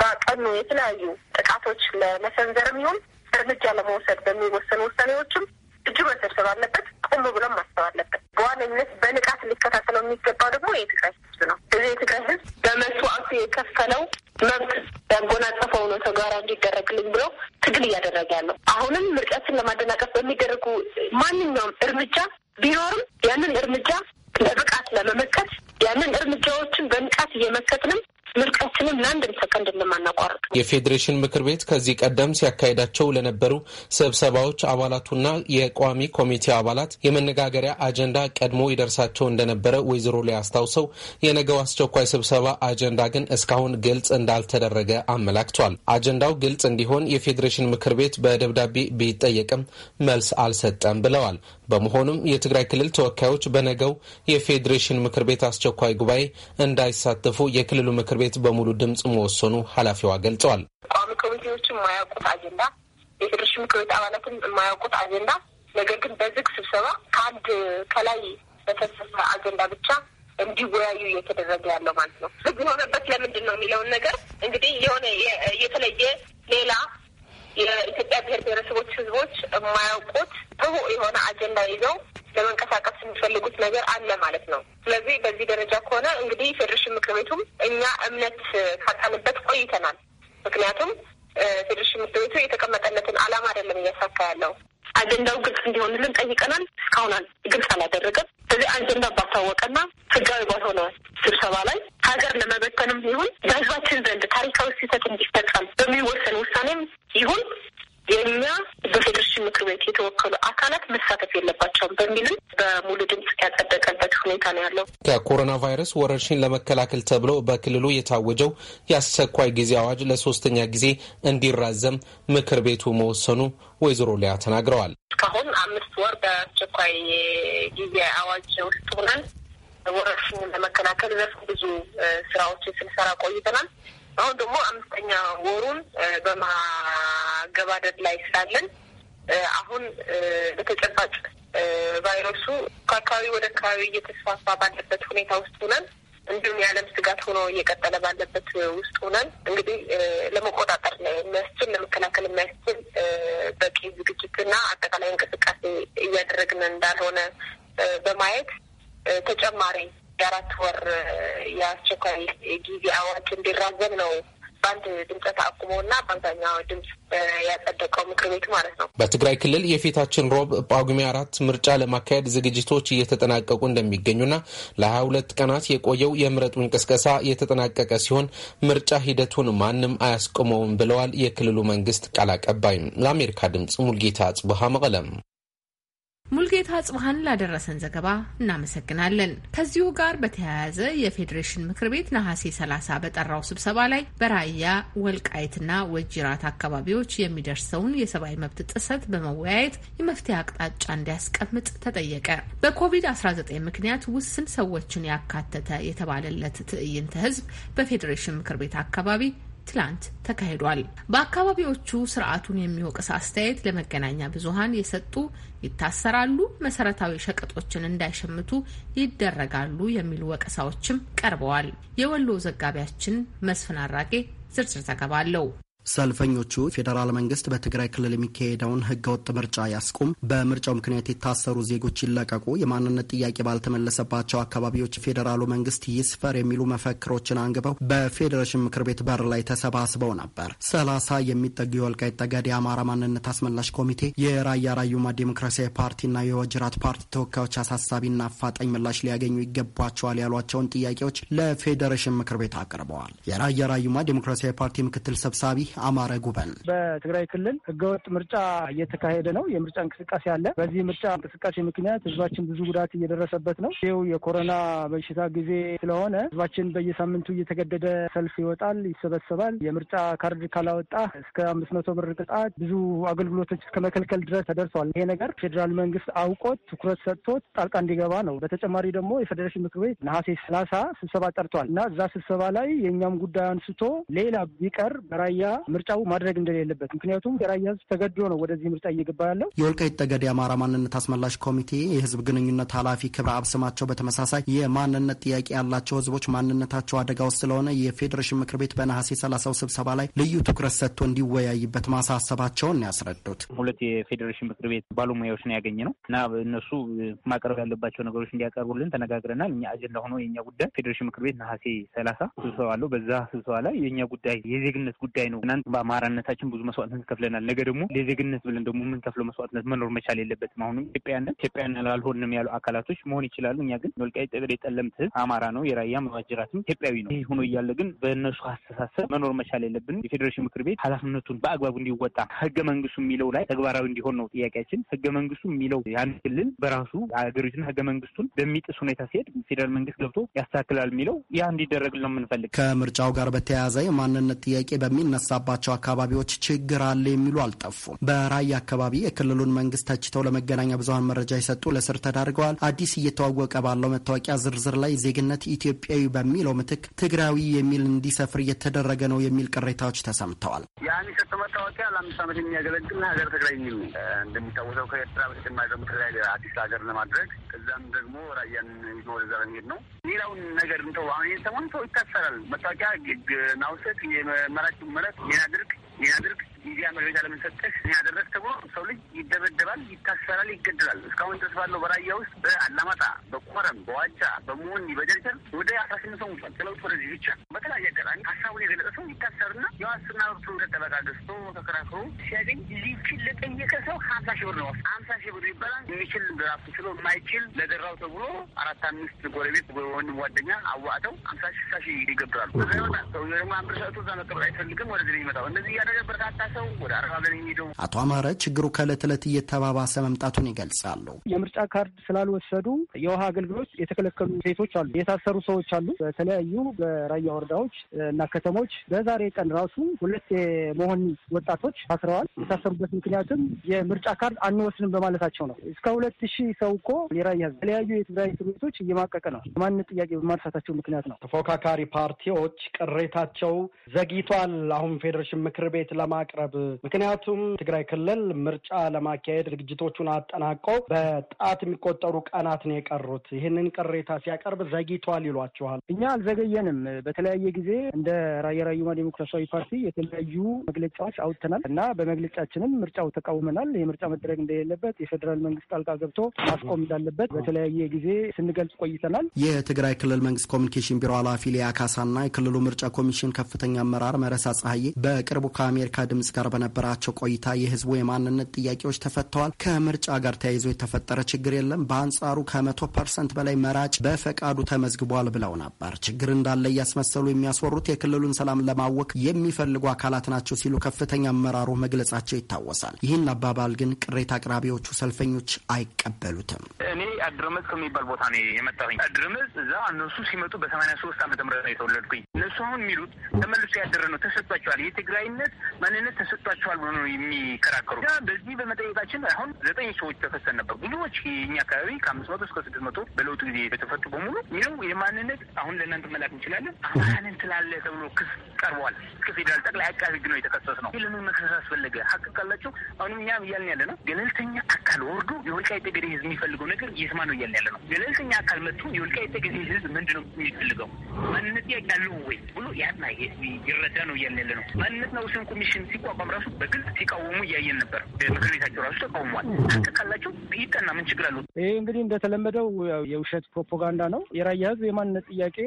በቀኑ የተለያዩ ጥቃቶች ለመሰንዘርም ይሁን እርምጃ ለመውሰድ በሚወሰኑ ውሳኔዎችም እጅ መሰብሰብ አለበት። ቆም ብሎም ማሰብ አለበት። በዋነኝነት በንቃት ሊከታተለው የሚገባው ደግሞ የትግራይ ህዝብ ነው። እዚ የትግራይ ህዝብ በመስዋዕቱ የከፈለው መብት ያጎናጸፈው ነው ተግባራዊ እንዲደረግልኝ ብሎ ትግል እያደረገ ያለው አሁንም ምርጫችን ለማደናቀፍ በሚደረጉ ማንኛውም እርምጃ ቢኖርም ያንን እርምጃ ለብቃት ለመመከት ያንን እርምጃዎችን በንቃት እየመከትንም ምርጫችንን ለአንድም ሰከንድ እንደማናቋርጥ የፌዴሬሽን ምክር ቤት ከዚህ ቀደም ሲያካሄዳቸው ለነበሩ ስብሰባዎች አባላቱና የቋሚ ኮሚቴ አባላት የመነጋገሪያ አጀንዳ ቀድሞ ይደርሳቸው እንደነበረ ወይዘሮ ላይ አስታውሰው የነገው አስቸኳይ ስብሰባ አጀንዳ ግን እስካሁን ግልጽ እንዳልተደረገ አመላክቷል። አጀንዳው ግልጽ እንዲሆን የፌዴሬሽን ምክር ቤት በደብዳቤ ቢጠየቅም መልስ አልሰጠም ብለዋል። በመሆኑም የትግራይ ክልል ተወካዮች በነገው የፌዴሬሽን ምክር ቤት አስቸኳይ ጉባኤ እንዳይሳተፉ የክልሉ ምክር ቤት በሙሉ ድምፅ መወሰኑ ኃላፊዋ ገልጸዋል። ቋሚ ኮሚቴዎችን የማያውቁት አጀንዳ፣ የፌዴሬሽን ምክር ቤት አባላትን የማያውቁት አጀንዳ፣ ነገር ግን በዝግ ስብሰባ ከአንድ ከላይ በተሰሰ አጀንዳ ብቻ እንዲወያዩ እየተደረገ ያለው ማለት ነው። ዝግ የሆነበት ለምንድን ነው የሚለውን ነገር እንግዲህ የሆነ የተለየ ሌላ የኢትዮጵያ ብሔር ብሔረሰቦች ህዝቦች የማያውቁት ጥሩ የሆነ አጀንዳ ይዘው ለመንቀሳቀስ የሚፈልጉት ነገር አለ ማለት ነው። ስለዚህ በዚህ ደረጃ ከሆነ እንግዲህ ፌዴሬሽን ምክር ቤቱም እኛ እምነት ካጣንበት ቆይተናል። ምክንያቱም ፌዴሬሽን ምክር ቤቱ የተቀመጠለትን ዓላማ አይደለም እያሳካ ያለው። አጀንዳው ግልጽ እንዲሆንልን ጠይቀናል። እስካሁን ግልጽ አላደረገም። ስለዚህ አጀንዳ ባልታወቀና ህጋዊ ባልሆነ ስብሰባ ላይ ሀገር ለመበተንም ይሁን በህዝባችን ዘንድ ታሪካዊ ስህተት እንዲፈጸም በሚወሰን ውሳኔም ይሁን የእኛ በፌዴሬሽን ምክር ቤት የተወከሉ አካላት መሳተፍ የለባቸውም በሚልም በሙሉ ድምፅ ያጸደቀበት ሁኔታ ነው ያለው። ከኮሮና ቫይረስ ወረርሽኝ ለመከላከል ተብሎ በክልሉ የታወጀው የአስቸኳይ ጊዜ አዋጅ ለሶስተኛ ጊዜ እንዲራዘም ምክር ቤቱ መወሰኑ ወይዘሮ ሊያ ተናግረዋል። እስካሁን አምስት ወር በአስቸኳይ ጊዜ አዋጅ ውስጥ ሆነን ወረርሽኙን ለመከላከል ዘርፍ ብዙ ስራዎችን ስንሰራ ቆይተናል። አሁን ደግሞ አምስተኛ ወሩን በማገባደድ ላይ ስላለን አሁን በተጨባጭ ቫይረሱ ከአካባቢ ወደ አካባቢ እየተስፋፋ ባለበት ሁኔታ ውስጥ ሆነን እንዲሁም የዓለም ስጋት ሆኖ እየቀጠለ ባለበት ውስጥ ሆነን እንግዲህ ለመቆጣጠር የሚያስችል ለመከላከል የሚያስችል በቂ ዝግጅትና አጠቃላይ እንቅስቃሴ እያደረግን እንዳልሆነ በማየት ተጨማሪ የአራት ወር የአስቸኳይ ጊዜ አዋጅ እንዲራዘም ነው በአንድ ድምጸት ተአቁሞና በአብዛኛው ድምፅ ያጸደቀው ምክር ቤቱ ማለት ነው። በትግራይ ክልል የፊታችን ሮብ ጳጉሜ አራት ምርጫ ለማካሄድ ዝግጅቶች እየተጠናቀቁ እንደሚገኙና ለሀያ ሁለት ቀናት የቆየው የምረጡን ቅስቀሳ የተጠናቀቀ ሲሆን ምርጫ ሂደቱን ማንም አያስቆመውም ብለዋል የክልሉ መንግስት ቃል አቀባይ። ለአሜሪካ ድምፅ ሙልጌታ ጽቡሃ መቀለም ሙልጌታ ጽብሃን ላደረሰን ዘገባ እናመሰግናለን። ከዚሁ ጋር በተያያዘ የፌዴሬሽን ምክር ቤት ነሐሴ 30 በጠራው ስብሰባ ላይ በራያ ወልቃይትና ወጅራት አካባቢዎች የሚደርሰውን የሰብአዊ መብት ጥሰት በመወያየት የመፍትሄ አቅጣጫ እንዲያስቀምጥ ተጠየቀ። በኮቪድ-19 ምክንያት ውስን ሰዎችን ያካተተ የተባለለት ትዕይንተ ህዝብ በፌዴሬሽን ምክር ቤት አካባቢ ትላንት ተካሂዷል። በአካባቢዎቹ ስርዓቱን የሚወቅስ አስተያየት ለመገናኛ ብዙሃን የሰጡ ይታሰራሉ፣ መሰረታዊ ሸቀጦችን እንዳይሸምቱ ይደረጋሉ የሚሉ ወቀሳዎችም ቀርበዋል። የወሎ ዘጋቢያችን መስፍን አራጌ ዝርዝር ዘገባ አለው። ሰልፈኞቹ ፌዴራል መንግስት በትግራይ ክልል የሚካሄደውን ህገወጥ ምርጫ ያስቁም፣ በምርጫው ምክንያት የታሰሩ ዜጎች ይለቀቁ፣ የማንነት ጥያቄ ባልተመለሰባቸው አካባቢዎች ፌዴራሉ መንግስት ይስፈር የሚሉ መፈክሮችን አንግበው በፌዴሬሽን ምክር ቤት በር ላይ ተሰባስበው ነበር። ሰላሳ የሚጠጉ የወልቃይት ጠገድ የአማራ ማንነት አስመላሽ ኮሚቴ፣ የራያ ራዩማ ዴሞክራሲያዊ ፓርቲና የወጅራት ፓርቲ ተወካዮች አሳሳቢና አፋጣኝ ምላሽ ሊያገኙ ይገባቸዋል ያሏቸውን ጥያቄዎች ለፌዴሬሽን ምክር ቤት አቅርበዋል። የራያ ራዩማ ዴሞክራሲያዊ ፓርቲ ምክትል ሰብሳቢ አማረ ጉበን በትግራይ ክልል ህገወጥ ምርጫ እየተካሄደ ነው። የምርጫ እንቅስቃሴ አለ። በዚህ ምርጫ እንቅስቃሴ ምክንያት ህዝባችን ብዙ ጉዳት እየደረሰበት ነው። ይኸው የኮሮና በሽታ ጊዜ ስለሆነ ህዝባችን በየሳምንቱ እየተገደደ ሰልፍ ይወጣል፣ ይሰበሰባል። የምርጫ ካርድ ካላወጣ እስከ አምስት መቶ ብር ቅጣት፣ ብዙ አገልግሎቶች እስከ መከልከል ድረስ ተደርሷል። ይሄ ነገር ፌዴራል መንግስት አውቆት ትኩረት ሰጥቶት ጣልቃ እንዲገባ ነው። በተጨማሪ ደግሞ የፌዴሬሽን ምክር ቤት ነሐሴ ሰላሳ ስብሰባ ጠርቷል እና እዛ ስብሰባ ላይ የእኛም ጉዳይ አንስቶ ሌላ ቢቀር በራያ ምርጫው ማድረግ እንደሌለበት ምክንያቱም የራያ ህዝብ ተገዶ ነው ወደዚህ ምርጫ እየገባ ያለው። የወልቃይት ጠገዴ የአማራ ማንነት አስመላሽ ኮሚቴ የህዝብ ግንኙነት ኃላፊ ክብረ አብ ስማቸው በተመሳሳይ የማንነት ጥያቄ ያላቸው ህዝቦች ማንነታቸው አደጋ ውስጥ ስለሆነ የፌዴሬሽን ምክር ቤት በነሐሴ ሰላሳው ስብሰባ ላይ ልዩ ትኩረት ሰጥቶ እንዲወያይበት ማሳሰባቸውን ያስረዱት ሁለት የፌዴሬሽን ምክር ቤት ባለሙያዎች ነው ያገኘ ነው እና እነሱ ማቅረብ ያለባቸው ነገሮች እንዲያቀርቡልን ተነጋግረናል። እኛ አጀንዳ ሆኖ የኛ ጉዳይ ፌዴሬሽን ምክር ቤት ነሐሴ ሰላሳ ስብሰባ አለው። በዛ ስብሰባ ላይ የእኛ ጉዳይ የዜግነት ጉዳይ ነው ትናንት በአማራነታችን ብዙ መስዋዕትነት ከፍለናል። ነገ ደግሞ ለዜግነት ብለን ደግሞ የምንከፍለው መስዋዕትነት መኖር መቻል የለበትም። አሁንም ኢትዮጵያንን ኢትዮጵያን ላልሆንም ያሉ አካላቶች መሆን ይችላሉ። እኛ ግን ወልቃይት ጠገዴ ጠለምት ህዝብ አማራ ነው፣ የራያ መዋጅራትም ኢትዮጵያዊ ነው። ይህ ሆኖ እያለ ግን በእነሱ አስተሳሰብ መኖር መቻል የለብንም። የፌዴሬሽን ምክር ቤት ኃላፊነቱን በአግባቡ እንዲወጣ ህገ መንግስቱ የሚለው ላይ ተግባራዊ እንዲሆን ነው ጥያቄያችን። ህገ መንግስቱ የሚለው ያን ክልል በራሱ ሀገሪቱን ህገ መንግስቱን በሚጥስ ሁኔታ ሲሄድ ፌዴራል መንግስት ገብቶ ያስተካክላል የሚለው ያ እንዲደረግ ነው የምንፈልግ። ከምርጫው ጋር በተያያዘ የማንነት ጥያቄ በሚነሳ በበዛባቸው አካባቢዎች ችግር አለ የሚሉ አልጠፉም። በራያ አካባቢ የክልሉን መንግስት ተችተው ለመገናኛ ብዙሀን መረጃ የሰጡ ለስር ተዳርገዋል። አዲስ እየተዋወቀ ባለው መታወቂያ ዝርዝር ላይ ዜግነት ኢትዮጵያዊ በሚለው ምትክ ትግራዊ የሚል እንዲሰፍር እየተደረገ ነው የሚል ቅሬታዎች ተሰምተዋል። ያን መታወቂያ ለአምስት ዓመት የሚያገለግል ሀገር ትግራይ የሚል እንደሚታወሰው ከኤርትራ በተጨማሪ ደግሞ ትግራይ አዲስ ሀገር ለማድረግ እዛም ደግሞ ራያን ወደዛ ለመሄድ ነው። ሌላውን ነገር እንተው። አሁን ይህ ሰሞን ሰው ይታሰራል። መታወቂያ ግግ ናውሰት የመራጭ መረት ይህ አድርግ ይህ አድርግ ሚዲያ መረጃ ለመሰጠሽ ያደረስ ተብሎ ሰው ልጅ ይደበደባል፣ ይታሰራል፣ ይገደላል። እስካሁን ድረስ ባለው በራያ ውስጥ በአላማጣ፣ በኮረም፣ በዋጃ፣ በመሆኒ፣ በጀርጀር ወደ አስራ ስምንት ሰው ሙቷል። ስለውጥ ወደዚህ ብቻ በተለያየ አጋጣሚ ሀሳቡን የገለጸ ሰው ይታሰርና የዋስትና መብቱ ጠበቃ ገዝቶ ተከራክሮ ሲያገኝ ሊችል ለጠየቀ ሰው ሀምሳ ሺህ ብር ነው ዋስ ሀምሳ ሺህ ብር ይባላል። የሚችል ራሱ ችሎ የማይችል ለደራው ተብሎ አራት አምስት ጎረቤት ወንድም ጓደኛ አዋጥተው ሀምሳ ሺህ ሳ ሺህ ይገብራሉ። ሰው ደግሞ አንድ ሰቱ እዛ መቀበል አይፈልግም ወደዚህ ነው የሚመጣው። እንደዚህ እያደረገ በርካታ ሰው ወደ አቶ አማረ ችግሩ ከእለት እለት እየተባባሰ መምጣቱን ይገልጻሉ። የምርጫ ካርድ ስላልወሰዱ የውሃ አገልግሎት የተከለከሉ ሴቶች አሉ፣ የታሰሩ ሰዎች አሉ። በተለያዩ በራያ ወረዳዎች እና ከተሞች በዛሬ ቀን ራሱ ሁለት የመሆኒ ወጣቶች ታስረዋል። የታሰሩበት ምክንያትም የምርጫ ካርድ አንወስንም በማለታቸው ነው። እስከ ሁለት ሺህ ሰው እኮ የራያ የተለያዩ የትግራይ እስር ቤቶች እየማቀቀ ነው። ማንን ጥያቄ በማንሳታቸው ምክንያት ነው። ተፎካካሪ ፓርቲዎች ቅሬታቸው ዘግይቷል፣ አሁን ፌዴሬሽን ምክር ቤት ለማቅረብ ማቅረብ። ምክንያቱም ትግራይ ክልል ምርጫ ለማካሄድ ዝግጅቶቹን አጠናቀው በጣት የሚቆጠሩ ቀናት ነው የቀሩት። ይህንን ቅሬታ ሲያቀርብ ዘግይቷል ይሏችኋል። እኛ አልዘገየንም። በተለያየ ጊዜ እንደ ራያ ራዩማ ዴሞክራሲያዊ ፓርቲ የተለያዩ መግለጫዎች አውጥተናል እና በመግለጫችንም ምርጫው ተቃውመናል። የምርጫ መደረግ እንደሌለበት የፌዴራል መንግስት ጣልቃ ገብቶ ማስቆም እንዳለበት በተለያየ ጊዜ ስንገልጽ ቆይተናል። የትግራይ ክልል መንግስት ኮሚኒኬሽን ቢሮ ኃላፊ ሊያ ካሳና የክልሉ ምርጫ ኮሚሽን ከፍተኛ አመራር መረሳ ጸሐዬ በቅርቡ ከአሜሪካ ድምጽ መንግስት ጋር በነበራቸው ቆይታ የህዝቡ የማንነት ጥያቄዎች ተፈተዋል። ከምርጫ ጋር ተያይዞ የተፈጠረ ችግር የለም። በአንጻሩ ከመቶ ፐርሰንት በላይ መራጭ በፈቃዱ ተመዝግቧል ብለው ነበር። ችግር እንዳለ እያስመሰሉ የሚያስወሩት የክልሉን ሰላም ለማወክ የሚፈልጉ አካላት ናቸው ሲሉ ከፍተኛ አመራሩ መግለጻቸው ይታወሳል። ይህን አባባል ግን ቅሬታ አቅራቢዎቹ ሰልፈኞች አይቀበሉትም። እኔ አድርምጽ ከሚባል ቦታ ነው የመጣሁኝ። አድርምጽ እዛ እነሱ ሲመጡ በሰማኒያ ሶስት ዓመተ ምህረት ነው የተወለድኩኝ። እነሱ አሁን የሚሉት ተመልሶ ያደረ ነው ተሰጥቷቸዋል። የትግራይነት ማንነት ተሰጥቷቸዋል ብሎ ነው የሚከራከሩ። በዚህ በመጠየቃችን አሁን ዘጠኝ ሰዎች ተፈሰን ነበር። ብዙዎች የኛ አካባቢ ከአምስት መቶ እስከ ስድስት መቶ በለውጡ ጊዜ የተፈቱ በሙሉ ይኸው የማንነት አሁን ለእናንተ መላክ እንችላለን አማንን ትላለ ተብሎ ክስ ቀርቧል። እስከ ፌዴራል ጠቅላይ አቃቤ ሕግ ነው የተከሰስ ነው። ለምን መክሰስ አስፈለገ? ሀቅ ካላቸው አሁንም እኛም እያልን ያለ ነው ገለልተኛ አካል ወርዶ የወልቃይት ጠገዴ ሕዝብ የሚፈልገው ነገር የስማ ነው እያልን ያለ ነው። ገለልተኛ አካል መጥቶ የወልቃይት ጠገዴ ሕዝብ ምንድን ነው የሚፈልገው ማንነት ያለው ወይ ብሎ ያና ይረዳ ነው እያልን ያለ ነው። ማንነት ወሰን ኮሚሽን ሲቋ አቋም ራሱ በግልጽ ሲቃወሙ እያየን ነበር። ምክር ቤታቸው ራሱ ተቃውሟል። ካላቸው ይጠና ምን ችግር አለው? ይሄ እንግዲህ እንደተለመደው የውሸት ፕሮፓጋንዳ ነው። የራያ ህዝብ የማንነት ጥያቄ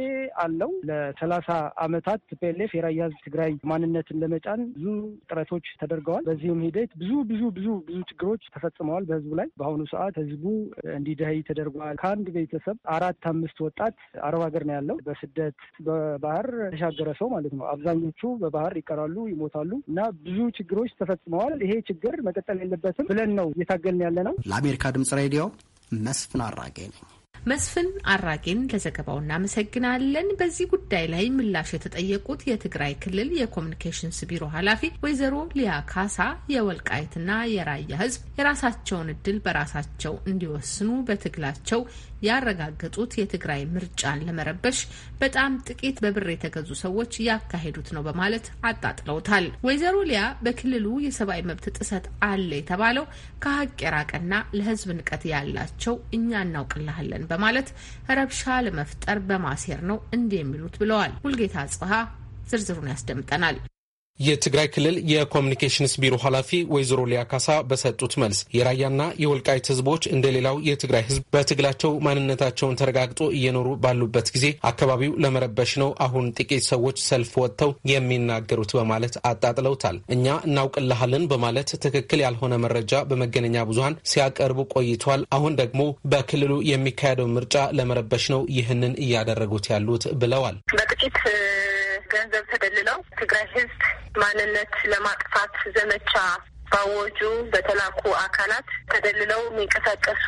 አለው። ለሰላሳ አመታት ፒኤልኤፍ የራያ ህዝብ ትግራይ ማንነትን ለመጫን ብዙ ጥረቶች ተደርገዋል። በዚህም ሂደት ብዙ ብዙ ብዙ ብዙ ችግሮች ተፈጽመዋል በህዝቡ ላይ። በአሁኑ ሰዓት ህዝቡ እንዲደህይ ተደርጓል። ከአንድ ቤተሰብ አራት አምስት ወጣት አረብ ሀገር ነው ያለው በስደት በባህር ተሻገረ ሰው ማለት ነው። አብዛኞቹ በባህር ይቀራሉ፣ ይሞታሉ እና ብዙ ብዙ ችግሮች ተፈጽመዋል። ይሄ ችግር መቀጠል የለበትም ብለን ነው እየታገልን ያለ ነው። ለአሜሪካ ድምጽ ሬዲዮ መስፍን አራጌ ነኝ። መስፍን አራጌን ለዘገባው እናመሰግናለን። በዚህ ጉዳይ ላይ ምላሽ የተጠየቁት የትግራይ ክልል የኮሚኒኬሽንስ ቢሮ ኃላፊ ወይዘሮ ሊያ ካሳ የወልቃይትና የራያ ሕዝብ የራሳቸውን እድል በራሳቸው እንዲወስኑ በትግላቸው ያረጋገጡት የትግራይ ምርጫን ለመረበሽ በጣም ጥቂት በብር የተገዙ ሰዎች ያካሄዱት ነው በማለት አጣጥለውታል። ወይዘሮ ሊያ በክልሉ የሰብአዊ መብት ጥሰት አለ የተባለው ከሀቅ የራቀና ለህዝብ ንቀት ያላቸው እኛ እናውቅልሃለን በማለት ረብሻ ለመፍጠር በማሴር ነው እንዲህ የሚሉት ብለዋል። ሙልጌታ ጽሀ ዝርዝሩን ያስደምጠናል። የትግራይ ክልል የኮሚኒኬሽንስ ቢሮ ኃላፊ ወይዘሮ ሊያ ካሳ በሰጡት መልስ የራያና የወልቃይት ህዝቦች እንደ ሌላው የትግራይ ህዝብ በትግላቸው ማንነታቸውን ተረጋግጦ እየኖሩ ባሉበት ጊዜ አካባቢው ለመረበሽ ነው አሁን ጥቂት ሰዎች ሰልፍ ወጥተው የሚናገሩት በማለት አጣጥለውታል። እኛ እናውቅልሃልን በማለት ትክክል ያልሆነ መረጃ በመገናኛ ብዙሀን ሲያቀርቡ ቆይቷል። አሁን ደግሞ በክልሉ የሚካሄደው ምርጫ ለመረበሽ ነው ይህንን እያደረጉት ያሉት ብለዋል። በጥቂት ገንዘብ ተደልለው ትግራይ ህዝብ ማንነት ለማጥፋት ዘመቻ ባወጁ በተላኩ አካላት ተደልለው የሚንቀሳቀሱ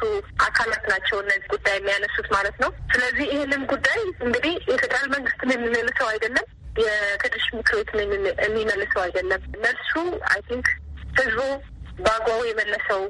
አካላት ናቸው እነዚህ ጉዳይ የሚያነሱት ማለት ነው። ስለዚህ ይህንም ጉዳይ እንግዲህ የፌዴራል መንግስት የሚመልሰው አይደለም፣ የፌዴሬሽን ምክር ቤት የሚመልሰው አይደለም። መልሱ አይ ቲንክ ህዝቡ በአግባቡ የመለሰው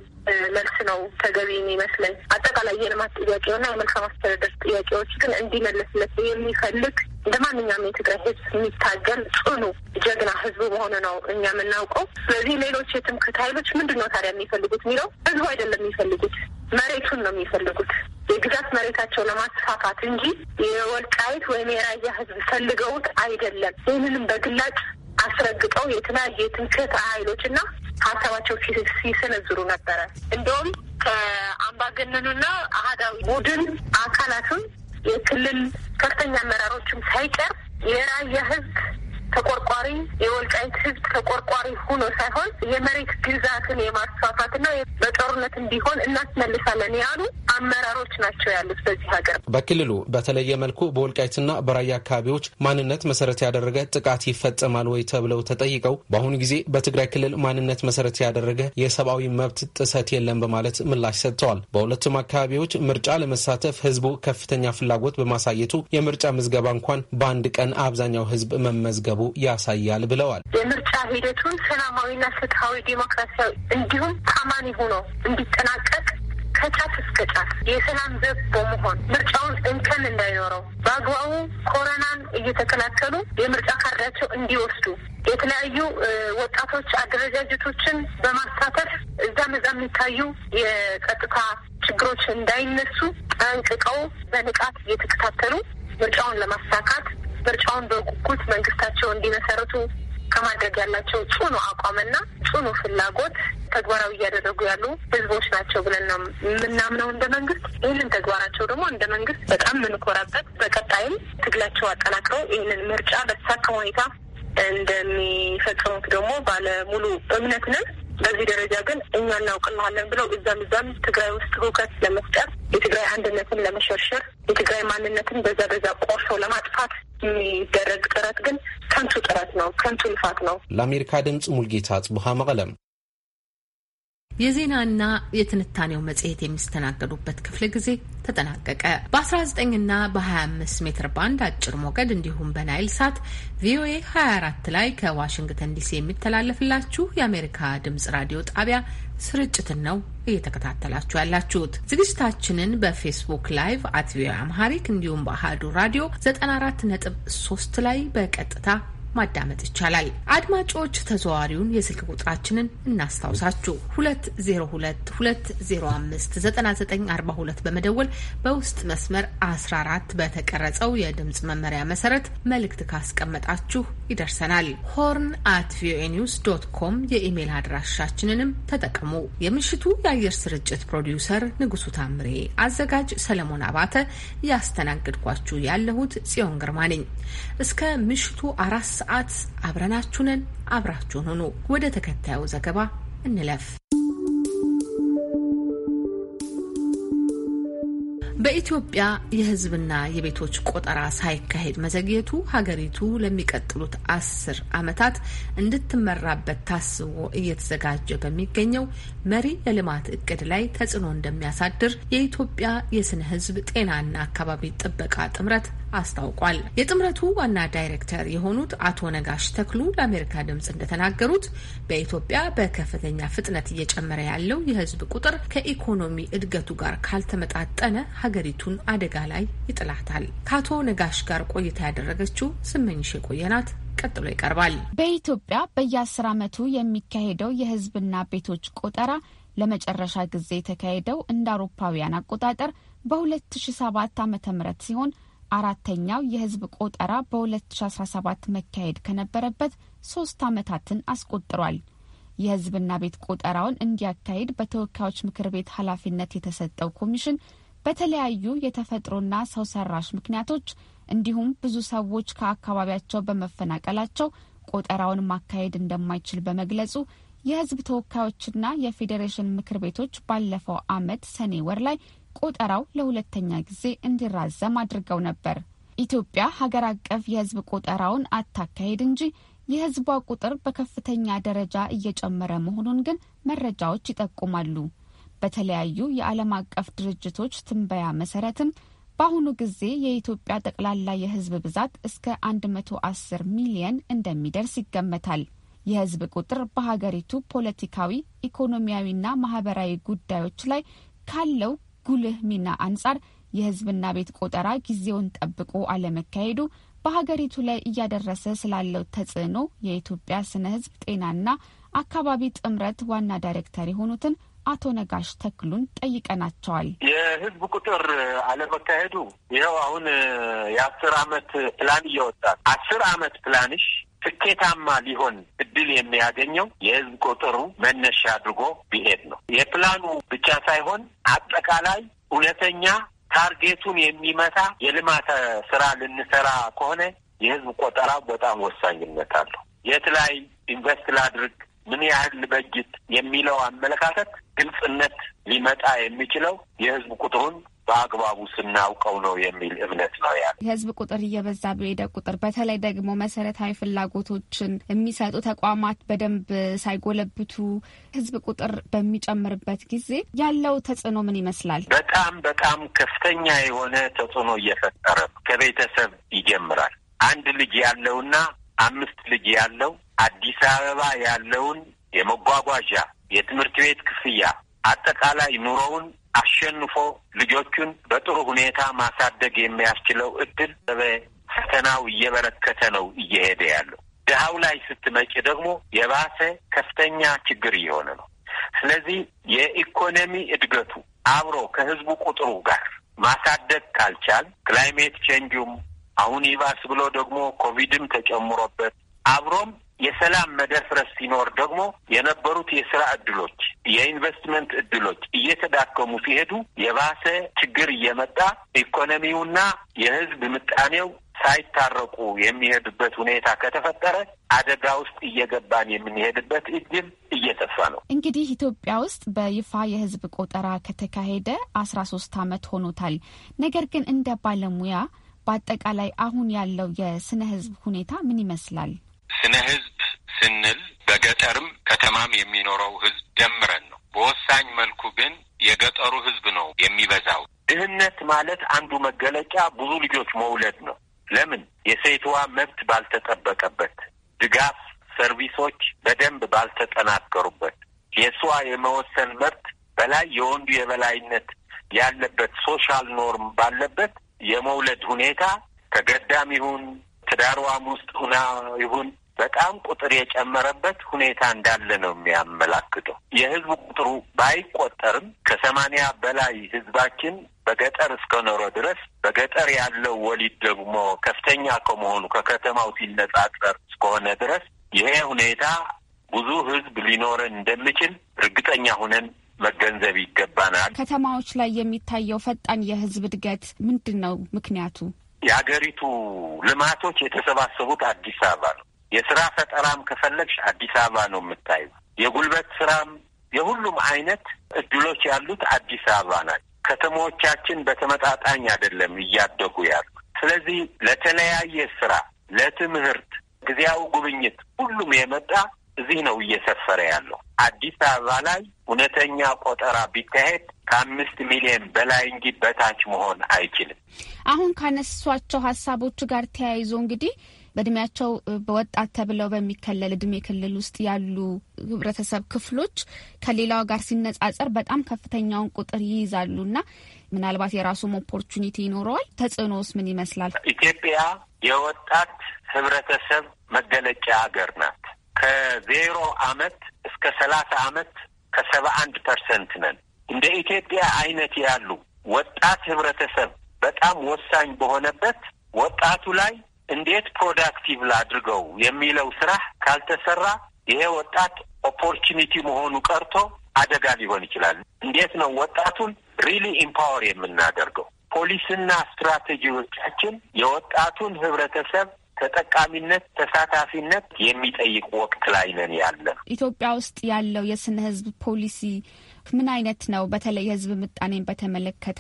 መልስ ነው ተገቢ የሚመስለኝ። አጠቃላይ የልማት ጥያቄውና የመልካም አስተዳደር ጥያቄዎች ግን እንዲመለስለት የሚፈልግ እንደ ማንኛውም የትግራይ ህዝብ የሚታገል ጽኑ ጀግና ህዝቡ በሆነ ነው እኛ የምናውቀው። ስለዚህ ሌሎች የትምክህት ኃይሎች ምንድን ነው ታዲያ የሚፈልጉት የሚለው ህዝቡ አይደለም የሚፈልጉት፣ መሬቱን ነው የሚፈልጉት የግዛት መሬታቸው ለማስፋፋት እንጂ የወልቃይት ወይም የራያ ህዝብ ፈልገውት አይደለም። ይህንንም በግላጭ አስረግጠው የተለያዩ የትምክህት ኃይሎችና ሀሳባቸው ሲሰነዝሩ ነበረ። እንደውም ከአምባገነኑና አህዳዊ ቡድን አካላትም የክልል ከፍተኛ አመራሮችም ሳይቀር የራያ ህዝብ ተቆርቋሪ የወልቃይት ህዝብ ተቆርቋሪ ሁኖ ሳይሆን የመሬት ግዛትን የማስፋፋትና በጦርነት እንዲሆን እናስመልሳለን ያሉ አመራሮች ናቸው ያሉት በዚህ ሀገር። በክልሉ በተለየ መልኩ በወልቃይትና በራያ አካባቢዎች ማንነት መሰረት ያደረገ ጥቃት ይፈጸማል ወይ ተብለው ተጠይቀው በአሁኑ ጊዜ በትግራይ ክልል ማንነት መሰረት ያደረገ የሰብአዊ መብት ጥሰት የለም በማለት ምላሽ ሰጥተዋል። በሁለቱም አካባቢዎች ምርጫ ለመሳተፍ ህዝቡ ከፍተኛ ፍላጎት በማሳየቱ የምርጫ ምዝገባ እንኳን በአንድ ቀን አብዛኛው ህዝብ መመዝገቡ ማህበረሰቡ ያሳያል ብለዋል። የምርጫ ሂደቱን ሰላማዊና ፍትሐዊ ዲሞክራሲያዊ እንዲሁም ታማኒ ሆኖ እንዲጠናቀቅ ከጫፍ እስከ ጫፍ የሰላም ዘብ በመሆን ምርጫውን እንከን እንዳይኖረው በአግባቡ ኮረናን እየተከላከሉ የምርጫ ካርዳቸው እንዲወስዱ የተለያዩ ወጣቶች አደረጃጀቶችን በማሳተፍ እዛም እዛም የሚታዩ የቀጥታ ችግሮች እንዳይነሱ ጠንቅቀው በንቃት እየተከታተሉ ምርጫውን ለማሳካት ምርጫውን በጉጉት መንግስታቸው እንዲመሰረቱ ከማድረግ ያላቸው ጽኑ አቋምና ጽኑ ፍላጎት ተግባራዊ እያደረጉ ያሉ ህዝቦች ናቸው ብለን ነው የምናምነው እንደ መንግስት። ይህንን ተግባራቸው ደግሞ እንደ መንግስት በጣም የምንኮራበት፣ በቀጣይም ትግላቸው አጠናክረው ይህንን ምርጫ በተሳካ ሁኔታ እንደሚፈጽሙት ደግሞ ባለሙሉ እምነት ነን። በዚህ ደረጃ ግን እኛ እናውቅልሃለን ብለው እዛም እዛም ትግራይ ውስጥ ህውከት ለመፍጠር የትግራይ አንድነትን ለመሸርሸር የትግራይ ማንነትን በዛ በዛ ቆርሰው ለማጥፋት የሚደረግ ጥረት ግን ከንቱ ጥረት ነው፣ ከንቱ ልፋት ነው። ለአሜሪካ ድምፅ ሙልጌታ ጽቡሃ መቀለም። የዜናና የትንታኔው መጽሔት የሚስተናገዱበት ክፍለ ጊዜ ተጠናቀቀ። በ19 ና በ25 ሜትር ባንድ አጭር ሞገድ እንዲሁም በናይል ሳት ቪኦኤ 24 ላይ ከዋሽንግተን ዲሲ የሚተላለፍላችሁ የአሜሪካ ድምጽ ራዲዮ ጣቢያ ስርጭትን ነው እየተከታተላችሁ ያላችሁት። ዝግጅታችንን በፌስቡክ ላይቭ አት ቪኦኤ አምሃሪክ እንዲሁም በአህዱ ራዲዮ 94.3 ላይ በቀጥታ ማዳመጥ ይቻላል። አድማጮች ተዘዋሪውን የስልክ ቁጥራችንን እናስታውሳችሁ 2022059942 በመደወል በውስጥ መስመር 14 በተቀረጸው የድምፅ መመሪያ መሰረት መልእክት ካስቀመጣችሁ ይደርሰናል። ሆርን አት ቪኦኤ ኒውስ ዶት ኮም የኢሜይል አድራሻችንንም ተጠቀሙ። የምሽቱ የአየር ስርጭት ፕሮዲውሰር ንጉሱ ታምሬ፣ አዘጋጅ ሰለሞን አባተ፣ እያስተናገድኳችሁ ያለሁት ጽዮን ግርማ ነኝ። እስከ ምሽቱ አራት ሰዓት አብረናችሁንን አብራችሁን ሆኑ። ወደ ተከታዩ ዘገባ እንለፍ። በኢትዮጵያ የሕዝብና የቤቶች ቆጠራ ሳይካሄድ መዘግየቱ ሀገሪቱ ለሚቀጥሉት አስር ዓመታት እንድትመራበት ታስቦ እየተዘጋጀ በሚገኘው መሪ የልማት እቅድ ላይ ተጽዕኖ እንደሚያሳድር የኢትዮጵያ የስነ ሕዝብ ጤናና አካባቢ ጥበቃ ጥምረት አስታውቋል። የጥምረቱ ዋና ዳይሬክተር የሆኑት አቶ ነጋሽ ተክሉ ለአሜሪካ ድምጽ እንደተናገሩት በኢትዮጵያ በከፍተኛ ፍጥነት እየጨመረ ያለው የህዝብ ቁጥር ከኢኮኖሚ እድገቱ ጋር ካልተመጣጠነ ሀገሪቱን አደጋ ላይ ይጥላታል። ከአቶ ነጋሽ ጋር ቆይታ ያደረገችው ስመኝሽ የቆየናት ቀጥሎ ይቀርባል። በኢትዮጵያ በየአስር ዓመቱ የሚካሄደው የሕዝብና ቤቶች ቆጠራ ለመጨረሻ ጊዜ የተካሄደው እንደ አውሮፓውያን አቆጣጠር በ2007 ዓ.ም ሲሆን አራተኛው የህዝብ ቆጠራ በ2017 መካሄድ ከነበረበት ሶስት ዓመታትን አስቆጥሯል። የህዝብና ቤት ቆጠራውን እንዲያካሂድ በተወካዮች ምክር ቤት ኃላፊነት የተሰጠው ኮሚሽን በተለያዩ የተፈጥሮና ሰው ሰራሽ ምክንያቶች እንዲሁም ብዙ ሰዎች ከአካባቢያቸው በመፈናቀላቸው ቆጠራውን ማካሄድ እንደማይችል በመግለጹ የህዝብ ተወካዮችና የፌዴሬሽን ምክር ቤቶች ባለፈው ዓመት ሰኔ ወር ላይ ቆጠራው ለሁለተኛ ጊዜ እንዲራዘም አድርገው ነበር። ኢትዮጵያ ሀገር አቀፍ የሕዝብ ቆጠራውን አታካሄድ እንጂ የሕዝቧ ቁጥር በከፍተኛ ደረጃ እየጨመረ መሆኑን ግን መረጃዎች ይጠቁማሉ። በተለያዩ የዓለም አቀፍ ድርጅቶች ትንበያ መሰረትም በአሁኑ ጊዜ የኢትዮጵያ ጠቅላላ የሕዝብ ብዛት እስከ 110 ሚሊየን እንደሚደርስ ይገመታል። የሕዝብ ቁጥር በሀገሪቱ ፖለቲካዊ ኢኮኖሚያዊና ማህበራዊ ጉዳዮች ላይ ካለው ጉልህ ሚና አንጻር የህዝብና ቤት ቆጠራ ጊዜውን ጠብቆ አለመካሄዱ በሀገሪቱ ላይ እያደረሰ ስላለው ተጽዕኖ የኢትዮጵያ ስነ ህዝብ ጤናና አካባቢ ጥምረት ዋና ዳይሬክተር የሆኑትን አቶ ነጋሽ ተክሉን ጠይቀናቸዋል። የህዝብ ቁጥር አለመካሄዱ ይኸው አሁን የአስር አመት ፕላን እየወጣ አስር አመት ፕላንሽ ስኬታማ ሊሆን እድል የሚያገኘው የህዝብ ቁጥሩ መነሻ አድርጎ ቢሄድ ነው። የፕላኑ ብቻ ሳይሆን አጠቃላይ እውነተኛ ታርጌቱን የሚመታ የልማት ስራ ልንሰራ ከሆነ የህዝብ ቆጠራ በጣም ወሳኝነት አለው። የት ላይ ኢንቨስት ላድርግ፣ ምን ያህል ልበጅት የሚለው አመለካከት ግልጽነት ሊመጣ የሚችለው የህዝብ ቁጥሩን በአግባቡ ስናውቀው ነው የሚል እምነት ነው ያለ። የህዝብ ቁጥር እየበዛ በሄደ ቁጥር በተለይ ደግሞ መሰረታዊ ፍላጎቶችን የሚሰጡ ተቋማት በደንብ ሳይጎለብቱ ህዝብ ቁጥር በሚጨምርበት ጊዜ ያለው ተጽዕኖ ምን ይመስላል? በጣም በጣም ከፍተኛ የሆነ ተጽዕኖ እየፈጠረ ከቤተሰብ ይጀምራል። አንድ ልጅ ያለውና አምስት ልጅ ያለው አዲስ አበባ ያለውን የመጓጓዣ የትምህርት ቤት ክፍያ አጠቃላይ ኑሮውን አሸንፎ ልጆቹን በጥሩ ሁኔታ ማሳደግ የሚያስችለው እድል ፈተናው እየበረከተ ነው እየሄደ ያለው። ድሀው ላይ ስትመጪ ደግሞ የባሰ ከፍተኛ ችግር እየሆነ ነው። ስለዚህ የኢኮኖሚ እድገቱ አብሮ ከህዝቡ ቁጥሩ ጋር ማሳደግ ካልቻል ክላይሜት ቼንጅም አሁን ይባስ ብሎ ደግሞ ኮቪድም ተጨምሮበት አብሮም የሰላም መደፍረስ ሲኖር ደግሞ የነበሩት የስራ እድሎች፣ የኢንቨስትመንት እድሎች እየተዳከሙ ሲሄዱ የባሰ ችግር እየመጣ ኢኮኖሚውና የህዝብ ምጣኔው ሳይታረቁ የሚሄዱበት ሁኔታ ከተፈጠረ አደጋ ውስጥ እየገባን የምንሄድበት እድል እየሰፋ ነው። እንግዲህ ኢትዮጵያ ውስጥ በይፋ የህዝብ ቆጠራ ከተካሄደ አስራ ሶስት አመት ሆኖታል። ነገር ግን እንደ ባለሙያ በአጠቃላይ አሁን ያለው የስነ ህዝብ ሁኔታ ምን ይመስላል? ስነ ህዝብ ስንል በገጠርም ከተማም የሚኖረው ህዝብ ደምረን ነው። በወሳኝ መልኩ ግን የገጠሩ ህዝብ ነው የሚበዛው። ድህነት ማለት አንዱ መገለጫ ብዙ ልጆች መውለድ ነው። ለምን የሴትዋ መብት ባልተጠበቀበት፣ ድጋፍ ሰርቪሶች በደንብ ባልተጠናከሩበት፣ የእሷ የመወሰን መብት በላይ የወንዱ የበላይነት ያለበት ሶሻል ኖርም ባለበት የመውለድ ሁኔታ ተገዳም ይሁን ትዳሯም ውስጥ ሁና ይሁን በጣም ቁጥር የጨመረበት ሁኔታ እንዳለ ነው የሚያመላክተው። የህዝብ ቁጥሩ ባይቆጠርም ከሰማንያ በላይ ህዝባችን በገጠር እስከ ኖሮ ድረስ በገጠር ያለው ወሊድ ደግሞ ከፍተኛ ከመሆኑ ከከተማው ሲነጻጸር እስከሆነ ድረስ ይሄ ሁኔታ ብዙ ህዝብ ሊኖረን እንደሚችል እርግጠኛ ሁነን መገንዘብ ይገባናል። ከተማዎች ላይ የሚታየው ፈጣን የህዝብ እድገት ምንድን ነው ምክንያቱ? የሀገሪቱ ልማቶች የተሰባሰቡት አዲስ አበባ ነው። የስራ ፈጠራም ከፈለግሽ አዲስ አበባ ነው የምታዩ። የጉልበት ስራም የሁሉም አይነት እድሎች ያሉት አዲስ አበባ ናት። ከተሞቻችን በተመጣጣኝ አይደለም እያደጉ ያሉ። ስለዚህ ለተለያየ ስራ፣ ለትምህርት፣ ጊዜያዊ ጉብኝት ሁሉም የመጣ እዚህ ነው እየሰፈረ ያለው። አዲስ አበባ ላይ እውነተኛ ቆጠራ ቢካሄድ ከአምስት ሚሊዮን በላይ እንጂ በታች መሆን አይችልም። አሁን ካነሷቸው ሀሳቦች ጋር ተያይዞ እንግዲህ በእድሜያቸው በወጣት ተብለው በሚከለል እድሜ ክልል ውስጥ ያሉ ህብረተሰብ ክፍሎች ከሌላው ጋር ሲነጻጸር በጣም ከፍተኛውን ቁጥር ይይዛሉ እና ምናልባት የራሱም ኦፖርቹኒቲ ይኖረዋል። ተጽዕኖስ ምን ይመስላል? ኢትዮጵያ የወጣት ህብረተሰብ መገለጫ ሀገር ናት። ከዜሮ አመት እስከ ሰላሳ አመት ከሰባ አንድ ፐርሰንት ነን። እንደ ኢትዮጵያ አይነት ያሉ ወጣት ህብረተሰብ በጣም ወሳኝ በሆነበት ወጣቱ ላይ እንዴት ፕሮዳክቲቭ ላድርገው የሚለው ስራ ካልተሰራ ይሄ ወጣት ኦፖርቹኒቲ መሆኑ ቀርቶ አደጋ ሊሆን ይችላል። እንዴት ነው ወጣቱን ሪሊ ኢምፓወር የምናደርገው? ፖሊስና ስትራቴጂዎቻችን የወጣቱን ህብረተሰብ ተጠቃሚነት፣ ተሳታፊነት የሚጠይቅ ወቅት ላይ ነን ያለ ኢትዮጵያ ውስጥ ያለው የስነ ህዝብ ፖሊሲ ምን አይነት ነው? በተለይ የህዝብ ምጣኔን በተመለከተ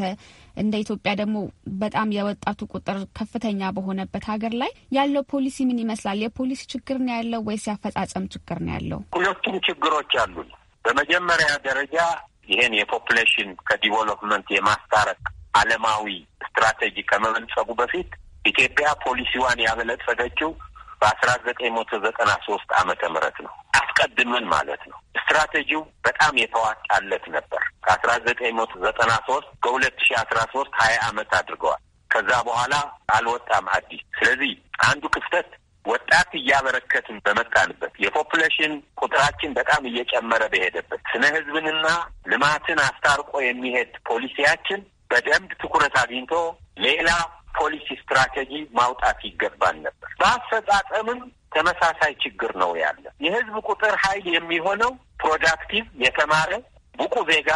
እንደ ኢትዮጵያ ደግሞ በጣም የወጣቱ ቁጥር ከፍተኛ በሆነበት ሀገር ላይ ያለው ፖሊሲ ምን ይመስላል? የፖሊሲ ችግር ነው ያለው ወይስ ያፈጻጸም ችግር ነው ያለው? ሁለቱም ችግሮች አሉን። በመጀመሪያ ደረጃ ይሄን የፖፕሌሽን ከዲቨሎፕመንት የማስታረቅ አለማዊ ስትራቴጂ ከመበልጸጉ በፊት ኢትዮጵያ ፖሊሲዋን ያበለጸገችው በአስራ ዘጠኝ መቶ ዘጠና ሶስት አመተ ምህረት ነው። አስቀድመን ማለት ነው። ስትራቴጂው በጣም የተዋጣለት ነበር። ከአስራ ዘጠኝ መቶ ዘጠና ሶስት ከሁለት ሺ አስራ ሶስት ሀያ አመት አድርገዋል። ከዛ በኋላ አልወጣም አዲስ። ስለዚህ አንዱ ክፍተት ወጣት እያበረከትን በመጣንበት የፖፑሌሽን ቁጥራችን በጣም እየጨመረ በሄደበት ስነ ህዝብንና ልማትን አስታርቆ የሚሄድ ፖሊሲያችን በደንብ ትኩረት አግኝቶ ሌላ ፖሊሲ ስትራቴጂ ማውጣት ይገባል ነበር። በአፈጻጸምም ተመሳሳይ ችግር ነው ያለ። የህዝብ ቁጥር ኃይል የሚሆነው ፕሮዳክቲቭ የተማረ ብቁ ዜጋ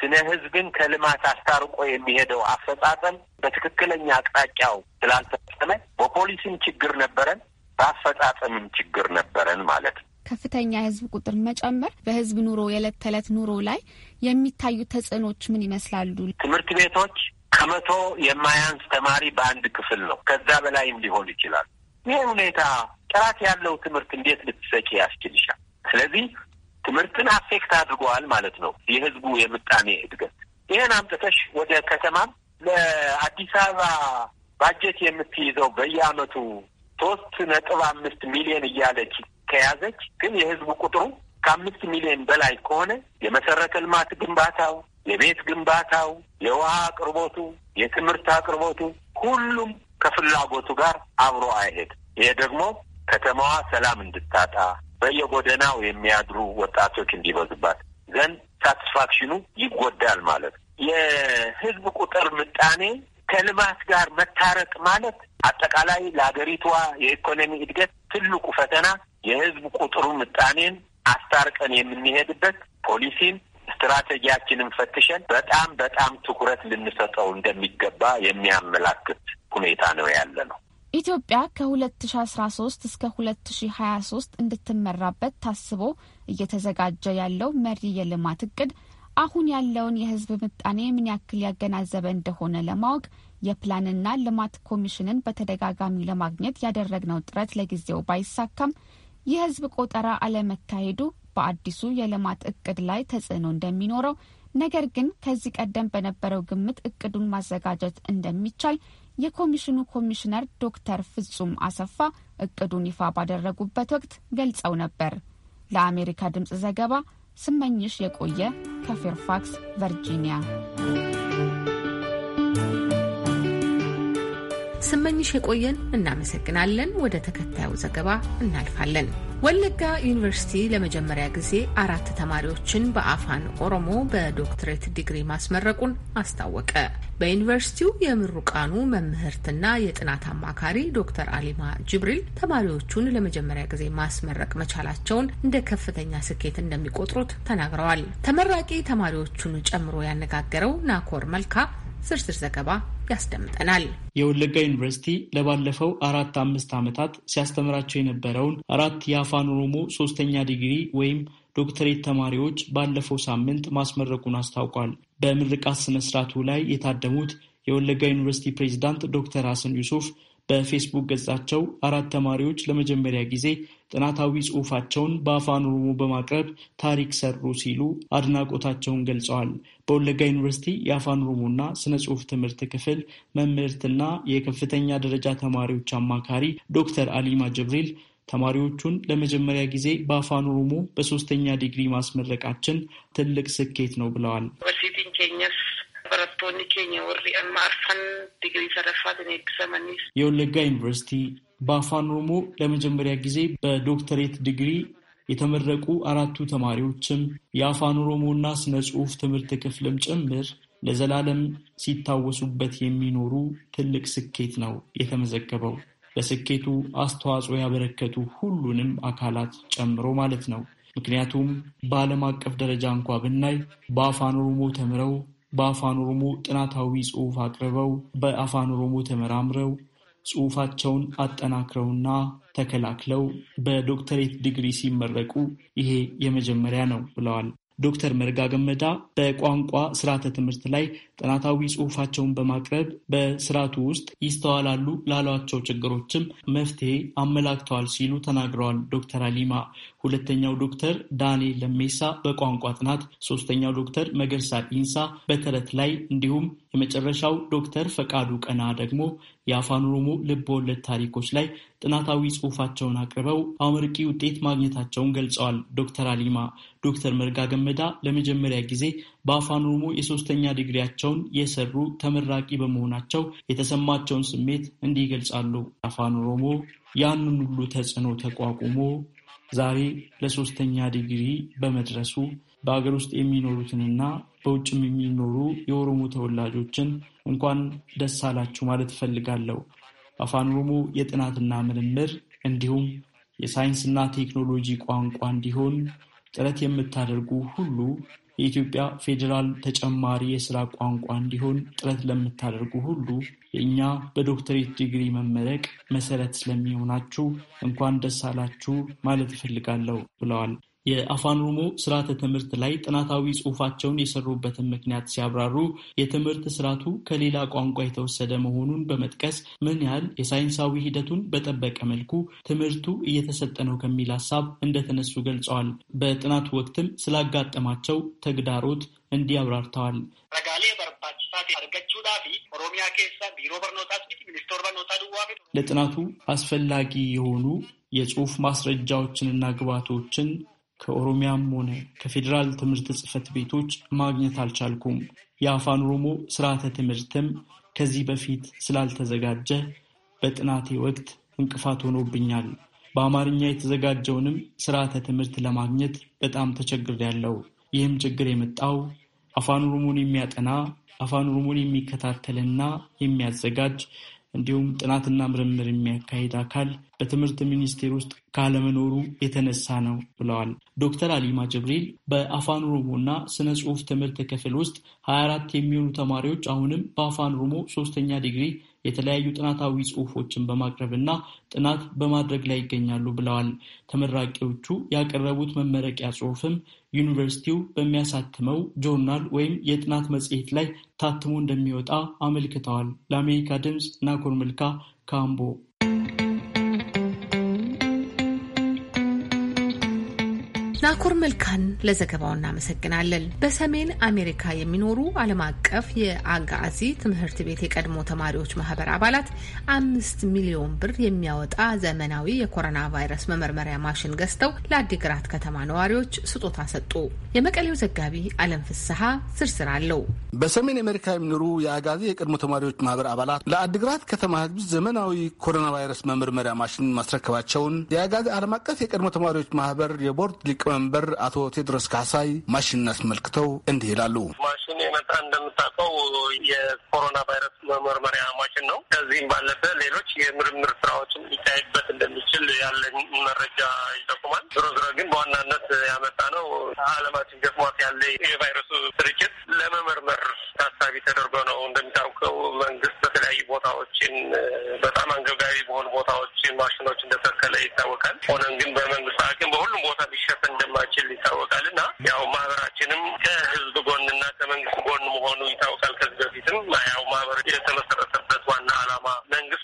ስነ ህዝብን ከልማት አስታርቆ የሚሄደው አፈጻጸም በትክክለኛ አቅጣጫው ስላልተፈጸመ በፖሊሲም ችግር ነበረን፣ በአፈጻጸምም ችግር ነበረን ማለት ነው። ከፍተኛ የህዝብ ቁጥር መጨመር በህዝብ ኑሮ የዕለት ተዕለት ኑሮ ላይ የሚታዩ ተጽዕኖች ምን ይመስላሉ? ትምህርት ቤቶች ከመቶ የማያንስ ተማሪ በአንድ ክፍል ነው፣ ከዛ በላይም ሊሆን ይችላል። ይህ ሁኔታ ጥራት ያለው ትምህርት እንዴት ልትሰጪ ያስችልሻል? ስለዚህ ትምህርትን አፌክት አድርገዋል ማለት ነው የህዝቡ የምጣኔ እድገት። ይህን አምጥተሽ ወደ ከተማም ለአዲስ አበባ ባጀት የምትይዘው በየአመቱ ሶስት ነጥብ አምስት ሚሊዮን እያለች ከያዘች ግን የህዝቡ ቁጥሩ ከአምስት ሚሊዮን በላይ ከሆነ የመሰረተ ልማት ግንባታው፣ የቤት ግንባታው፣ የውሃ አቅርቦቱ፣ የትምህርት አቅርቦቱ ሁሉም ከፍላጎቱ ጋር አብሮ አይሄድ። ይሄ ደግሞ ከተማዋ ሰላም እንድታጣ በየጎደናው የሚያድሩ ወጣቶች እንዲበዙባት ዘንድ ሳትስፋክሽኑ ይጎዳል ማለት ነው። የህዝብ ቁጥር ምጣኔ ከልማት ጋር መታረቅ ማለት አጠቃላይ ለሀገሪቷ የኢኮኖሚ እድገት ትልቁ ፈተና የህዝብ ቁጥሩ ምጣኔን አስታርቀን የምንሄድበት ፖሊሲን ስትራቴጂያችንን ፈትሸን በጣም በጣም ትኩረት ልንሰጠው እንደሚገባ የሚያመላክት ሁኔታ ነው ያለ ነው። ኢትዮጵያ ከ2013 እስከ 2023 እንድትመራበት ታስቦ እየተዘጋጀ ያለው መሪ የልማት እቅድ አሁን ያለውን የሕዝብ ምጣኔ ምን ያክል ያገናዘበ እንደሆነ ለማወቅ የፕላንና ልማት ኮሚሽንን በተደጋጋሚ ለማግኘት ያደረግነው ጥረት ለጊዜው ባይሳካም የሕዝብ ቆጠራ አለመካሄዱ በአዲሱ የልማት እቅድ ላይ ተጽዕኖ እንደሚኖረው ነገር ግን ከዚህ ቀደም በነበረው ግምት እቅዱን ማዘጋጀት እንደሚቻል የኮሚሽኑ ኮሚሽነር ዶክተር ፍጹም አሰፋ እቅዱን ይፋ ባደረጉበት ወቅት ገልጸው ነበር። ለአሜሪካ ድምፅ ዘገባ ስመኝሽ የቆየ ከፌርፋክስ ቨርጂኒያ ስመኝሽ የቆየን እናመሰግናለን። ወደ ተከታዩ ዘገባ እናልፋለን። ወለጋ ዩኒቨርሲቲ ለመጀመሪያ ጊዜ አራት ተማሪዎችን በአፋን ኦሮሞ በዶክትሬት ዲግሪ ማስመረቁን አስታወቀ። በዩኒቨርሲቲው የምሩቃኑ መምህርትና የጥናት አማካሪ ዶክተር አሊማ ጅብሪል ተማሪዎቹን ለመጀመሪያ ጊዜ ማስመረቅ መቻላቸውን እንደ ከፍተኛ ስኬት እንደሚቆጥሩት ተናግረዋል። ተመራቂ ተማሪዎቹን ጨምሮ ያነጋገረው ናኮር መልካ ዝርዝር ዘገባ ያስደምጠናል። የወለጋ ዩኒቨርሲቲ ለባለፈው አራት አምስት ዓመታት ሲያስተምራቸው የነበረውን አራት የአፋን ኦሮሞ ሶስተኛ ዲግሪ ወይም ዶክተሬት ተማሪዎች ባለፈው ሳምንት ማስመረቁን አስታውቋል። በምርቃት ስነስርዓቱ ላይ የታደሙት የወለጋ ዩኒቨርሲቲ ፕሬዚዳንት ዶክተር ሐሰን ዩሱፍ በፌስቡክ ገጻቸው አራት ተማሪዎች ለመጀመሪያ ጊዜ ጥናታዊ ጽሑፋቸውን በአፋን ኦሮሞ በማቅረብ ታሪክ ሰሩ ሲሉ አድናቆታቸውን ገልጸዋል። በወለጋ ዩኒቨርሲቲ የአፋን ኦሮሞና ስነ ጽሑፍ ትምህርት ክፍል መምህርትና የከፍተኛ ደረጃ ተማሪዎች አማካሪ ዶክተር አሊማ ጅብሪል ተማሪዎቹን ለመጀመሪያ ጊዜ በአፋን ኦሮሞ በሶስተኛ ዲግሪ ማስመረቃችን ትልቅ ስኬት ነው ብለዋል። barattoonni keenya warri amma arfan digirii sadaffaatiin eebbisamanis. የወለጋ ዩኒቨርሲቲ በአፋን ኦሮሞ ለመጀመሪያ ጊዜ በዶክተሬት ዲግሪ የተመረቁ አራቱ ተማሪዎችም የአፋን ኦሮሞና ስነ ጽሁፍ ትምህርት ክፍልም ጭምር ለዘላለም ሲታወሱበት የሚኖሩ ትልቅ ስኬት ነው የተመዘገበው። ለስኬቱ አስተዋጽኦ ያበረከቱ ሁሉንም አካላት ጨምሮ ማለት ነው። ምክንያቱም በዓለም አቀፍ ደረጃ እንኳ ብናይ በአፋን ኦሮሞ ተምረው በአፋን ኦሮሞ ጥናታዊ ጽሑፍ አቅርበው በአፋን ኦሮሞ ተመራምረው ጽሑፋቸውን አጠናክረውና ተከላክለው በዶክተሬት ዲግሪ ሲመረቁ ይሄ የመጀመሪያ ነው ብለዋል። ዶክተር መርጋ ገመዳ በቋንቋ ስርዓተ ትምህርት ላይ ጥናታዊ ጽሑፋቸውን በማቅረብ በስርዓቱ ውስጥ ይስተዋላሉ ላሏቸው ችግሮችም መፍትሄ አመላክተዋል ሲሉ ተናግረዋል። ዶክተር አሊማ ሁለተኛው ዶክተር ዳንኤል ለሜሳ በቋንቋ ጥናት፣ ሶስተኛው ዶክተር መገርሳ ዲንሳ በተረት ላይ እንዲሁም የመጨረሻው ዶክተር ፈቃዱ ቀና ደግሞ የአፋን ኦሮሞ ልብ ታሪኮች ላይ ጥናታዊ ጽሑፋቸውን አቅርበው አመርቂ ውጤት ማግኘታቸውን ገልጸዋል። ዶክተር አሊማ ዶክተር መርጋ ገመዳ ለመጀመሪያ ጊዜ በአፋን ኦሮሞ የሶስተኛ ዲግሪያቸውን የሰሩ ተመራቂ በመሆናቸው የተሰማቸውን ስሜት እንዲህ ይገልጻሉ። አፋን ኦሮሞ ያንን ሁሉ ተጽዕኖ ተቋቁሞ ዛሬ ለሶስተኛ ዲግሪ በመድረሱ በአገር ውስጥ የሚኖሩትንና በውጭም የሚኖሩ የኦሮሞ ተወላጆችን እንኳን ደስ አላችሁ ማለት እፈልጋለሁ። አፋን ኦሮሞ የጥናትና ምርምር እንዲሁም የሳይንስና ቴክኖሎጂ ቋንቋ እንዲሆን ጥረት የምታደርጉ ሁሉ የኢትዮጵያ ፌዴራል ተጨማሪ የስራ ቋንቋ እንዲሆን ጥረት ለምታደርጉ ሁሉ የእኛ በዶክተሬት ዲግሪ መመረቅ መሰረት ስለሚሆናችሁ እንኳን ደስ አላችሁ ማለት እፈልጋለሁ ብለዋል። የአፋን ኦሮሞ ስርዓተ ትምህርት ላይ ጥናታዊ ጽሁፋቸውን የሰሩበትን ምክንያት ሲያብራሩ የትምህርት ስርዓቱ ከሌላ ቋንቋ የተወሰደ መሆኑን በመጥቀስ ምን ያህል የሳይንሳዊ ሂደቱን በጠበቀ መልኩ ትምህርቱ እየተሰጠ ነው ከሚል ሀሳብ እንደተነሱ ገልጸዋል። በጥናቱ ወቅትም ስላጋጠማቸው ተግዳሮት እንዲህ አብራርተዋል። ለጥናቱ አስፈላጊ የሆኑ የጽሁፍ ማስረጃዎችንና ግብዓቶችን ከኦሮሚያም ሆነ ከፌዴራል ትምህርት ጽፈት ቤቶች ማግኘት አልቻልኩም። የአፋን ኦሮሞ ስርዓተ ትምህርትም ከዚህ በፊት ስላልተዘጋጀ በጥናቴ ወቅት እንቅፋት ሆኖብኛል። በአማርኛ የተዘጋጀውንም ስርዓተ ትምህርት ለማግኘት በጣም ተቸግሬያለሁ። ይህም ችግር የመጣው አፋን ኦሮሞን የሚያጠና አፋን ኦሮሞን የሚከታተልና የሚያዘጋጅ እንዲሁም ጥናትና ምርምር የሚያካሄድ አካል በትምህርት ሚኒስቴር ውስጥ ካለመኖሩ የተነሳ ነው ብለዋል። ዶክተር አሊማ ጅብሪል በአፋን ኦሮሞና ስነ ጽሁፍ ትምህርት ክፍል ውስጥ 24 የሚሆኑ ተማሪዎች አሁንም በአፋን ኦሮሞ ሶስተኛ ዲግሪ የተለያዩ ጥናታዊ ጽሁፎችን በማቅረብ ና ጥናት በማድረግ ላይ ይገኛሉ ብለዋል። ተመራቂዎቹ ያቀረቡት መመረቂያ ጽሁፍም ዩኒቨርሲቲው በሚያሳትመው ጆርናል ወይም የጥናት መጽሔት ላይ ታትሞ እንደሚወጣ አመልክተዋል። ለአሜሪካ ድምፅ ናኮር መልካ ካምቦ ናኮር መልካን ለዘገባው እናመሰግናለን። በሰሜን አሜሪካ የሚኖሩ ዓለም አቀፍ የአጋዚ ትምህርት ቤት የቀድሞ ተማሪዎች ማህበር አባላት አምስት ሚሊዮን ብር የሚያወጣ ዘመናዊ የኮሮና ቫይረስ መመርመሪያ ማሽን ገዝተው ለአዲግራት ከተማ ነዋሪዎች ስጦታ ሰጡ። የመቀሌው ዘጋቢ አለም ፍስሀ ዝርዝር አለው። በሰሜን አሜሪካ የሚኖሩ የአጋዚ የቀድሞ ተማሪዎች ማህበር አባላት ለአዲግራት ከተማ ህዝብ ዘመናዊ ኮሮና ቫይረስ መመርመሪያ ማሽን ማስረከባቸውን የአጋዚ ዓለም አቀፍ የቀድሞ ተማሪዎች ማህበር የቦርድ ሊቀ ሊቀመንበር አቶ ቴድሮስ ካሳይ ማሽንን አስመልክተው እንዲህ ይላሉ። ማሽን የመጣ እንደምታውቀው የኮሮና ቫይረስ መመርመሪያ ማሽን ነው። ከዚህም ባለፈ ሌሎች የምርምር ስራዎችን ሊካሄድበት እንደሚችል ያለኝ መረጃ ይጠቁማል። ዞሮ ዞሮ ግን በዋናነት ያመጣ ነው አለማችን ገጥሟት ያለ የቫይረሱ ስርጭት ለመመርመር ታሳቢ ተደርጎ ነው። እንደሚታውቀው መንግስት ቦታዎችን በጣም አንገብጋቢ በሆኑ ቦታዎችን ማሽኖች እንደተከለ ይታወቃል። ሆነን ግን በመንግስት አቅም በሁሉም ቦታ ሊሸፈን እንደማይችል ይታወቃል እና ያው ማህበራችንም ከህዝብ ጎንና ከመንግስት ጎን መሆኑ ይታወቃል። ከዚህ በፊትም ያው ማህበር የተመሰረተበት ዋና አላማ መንግስት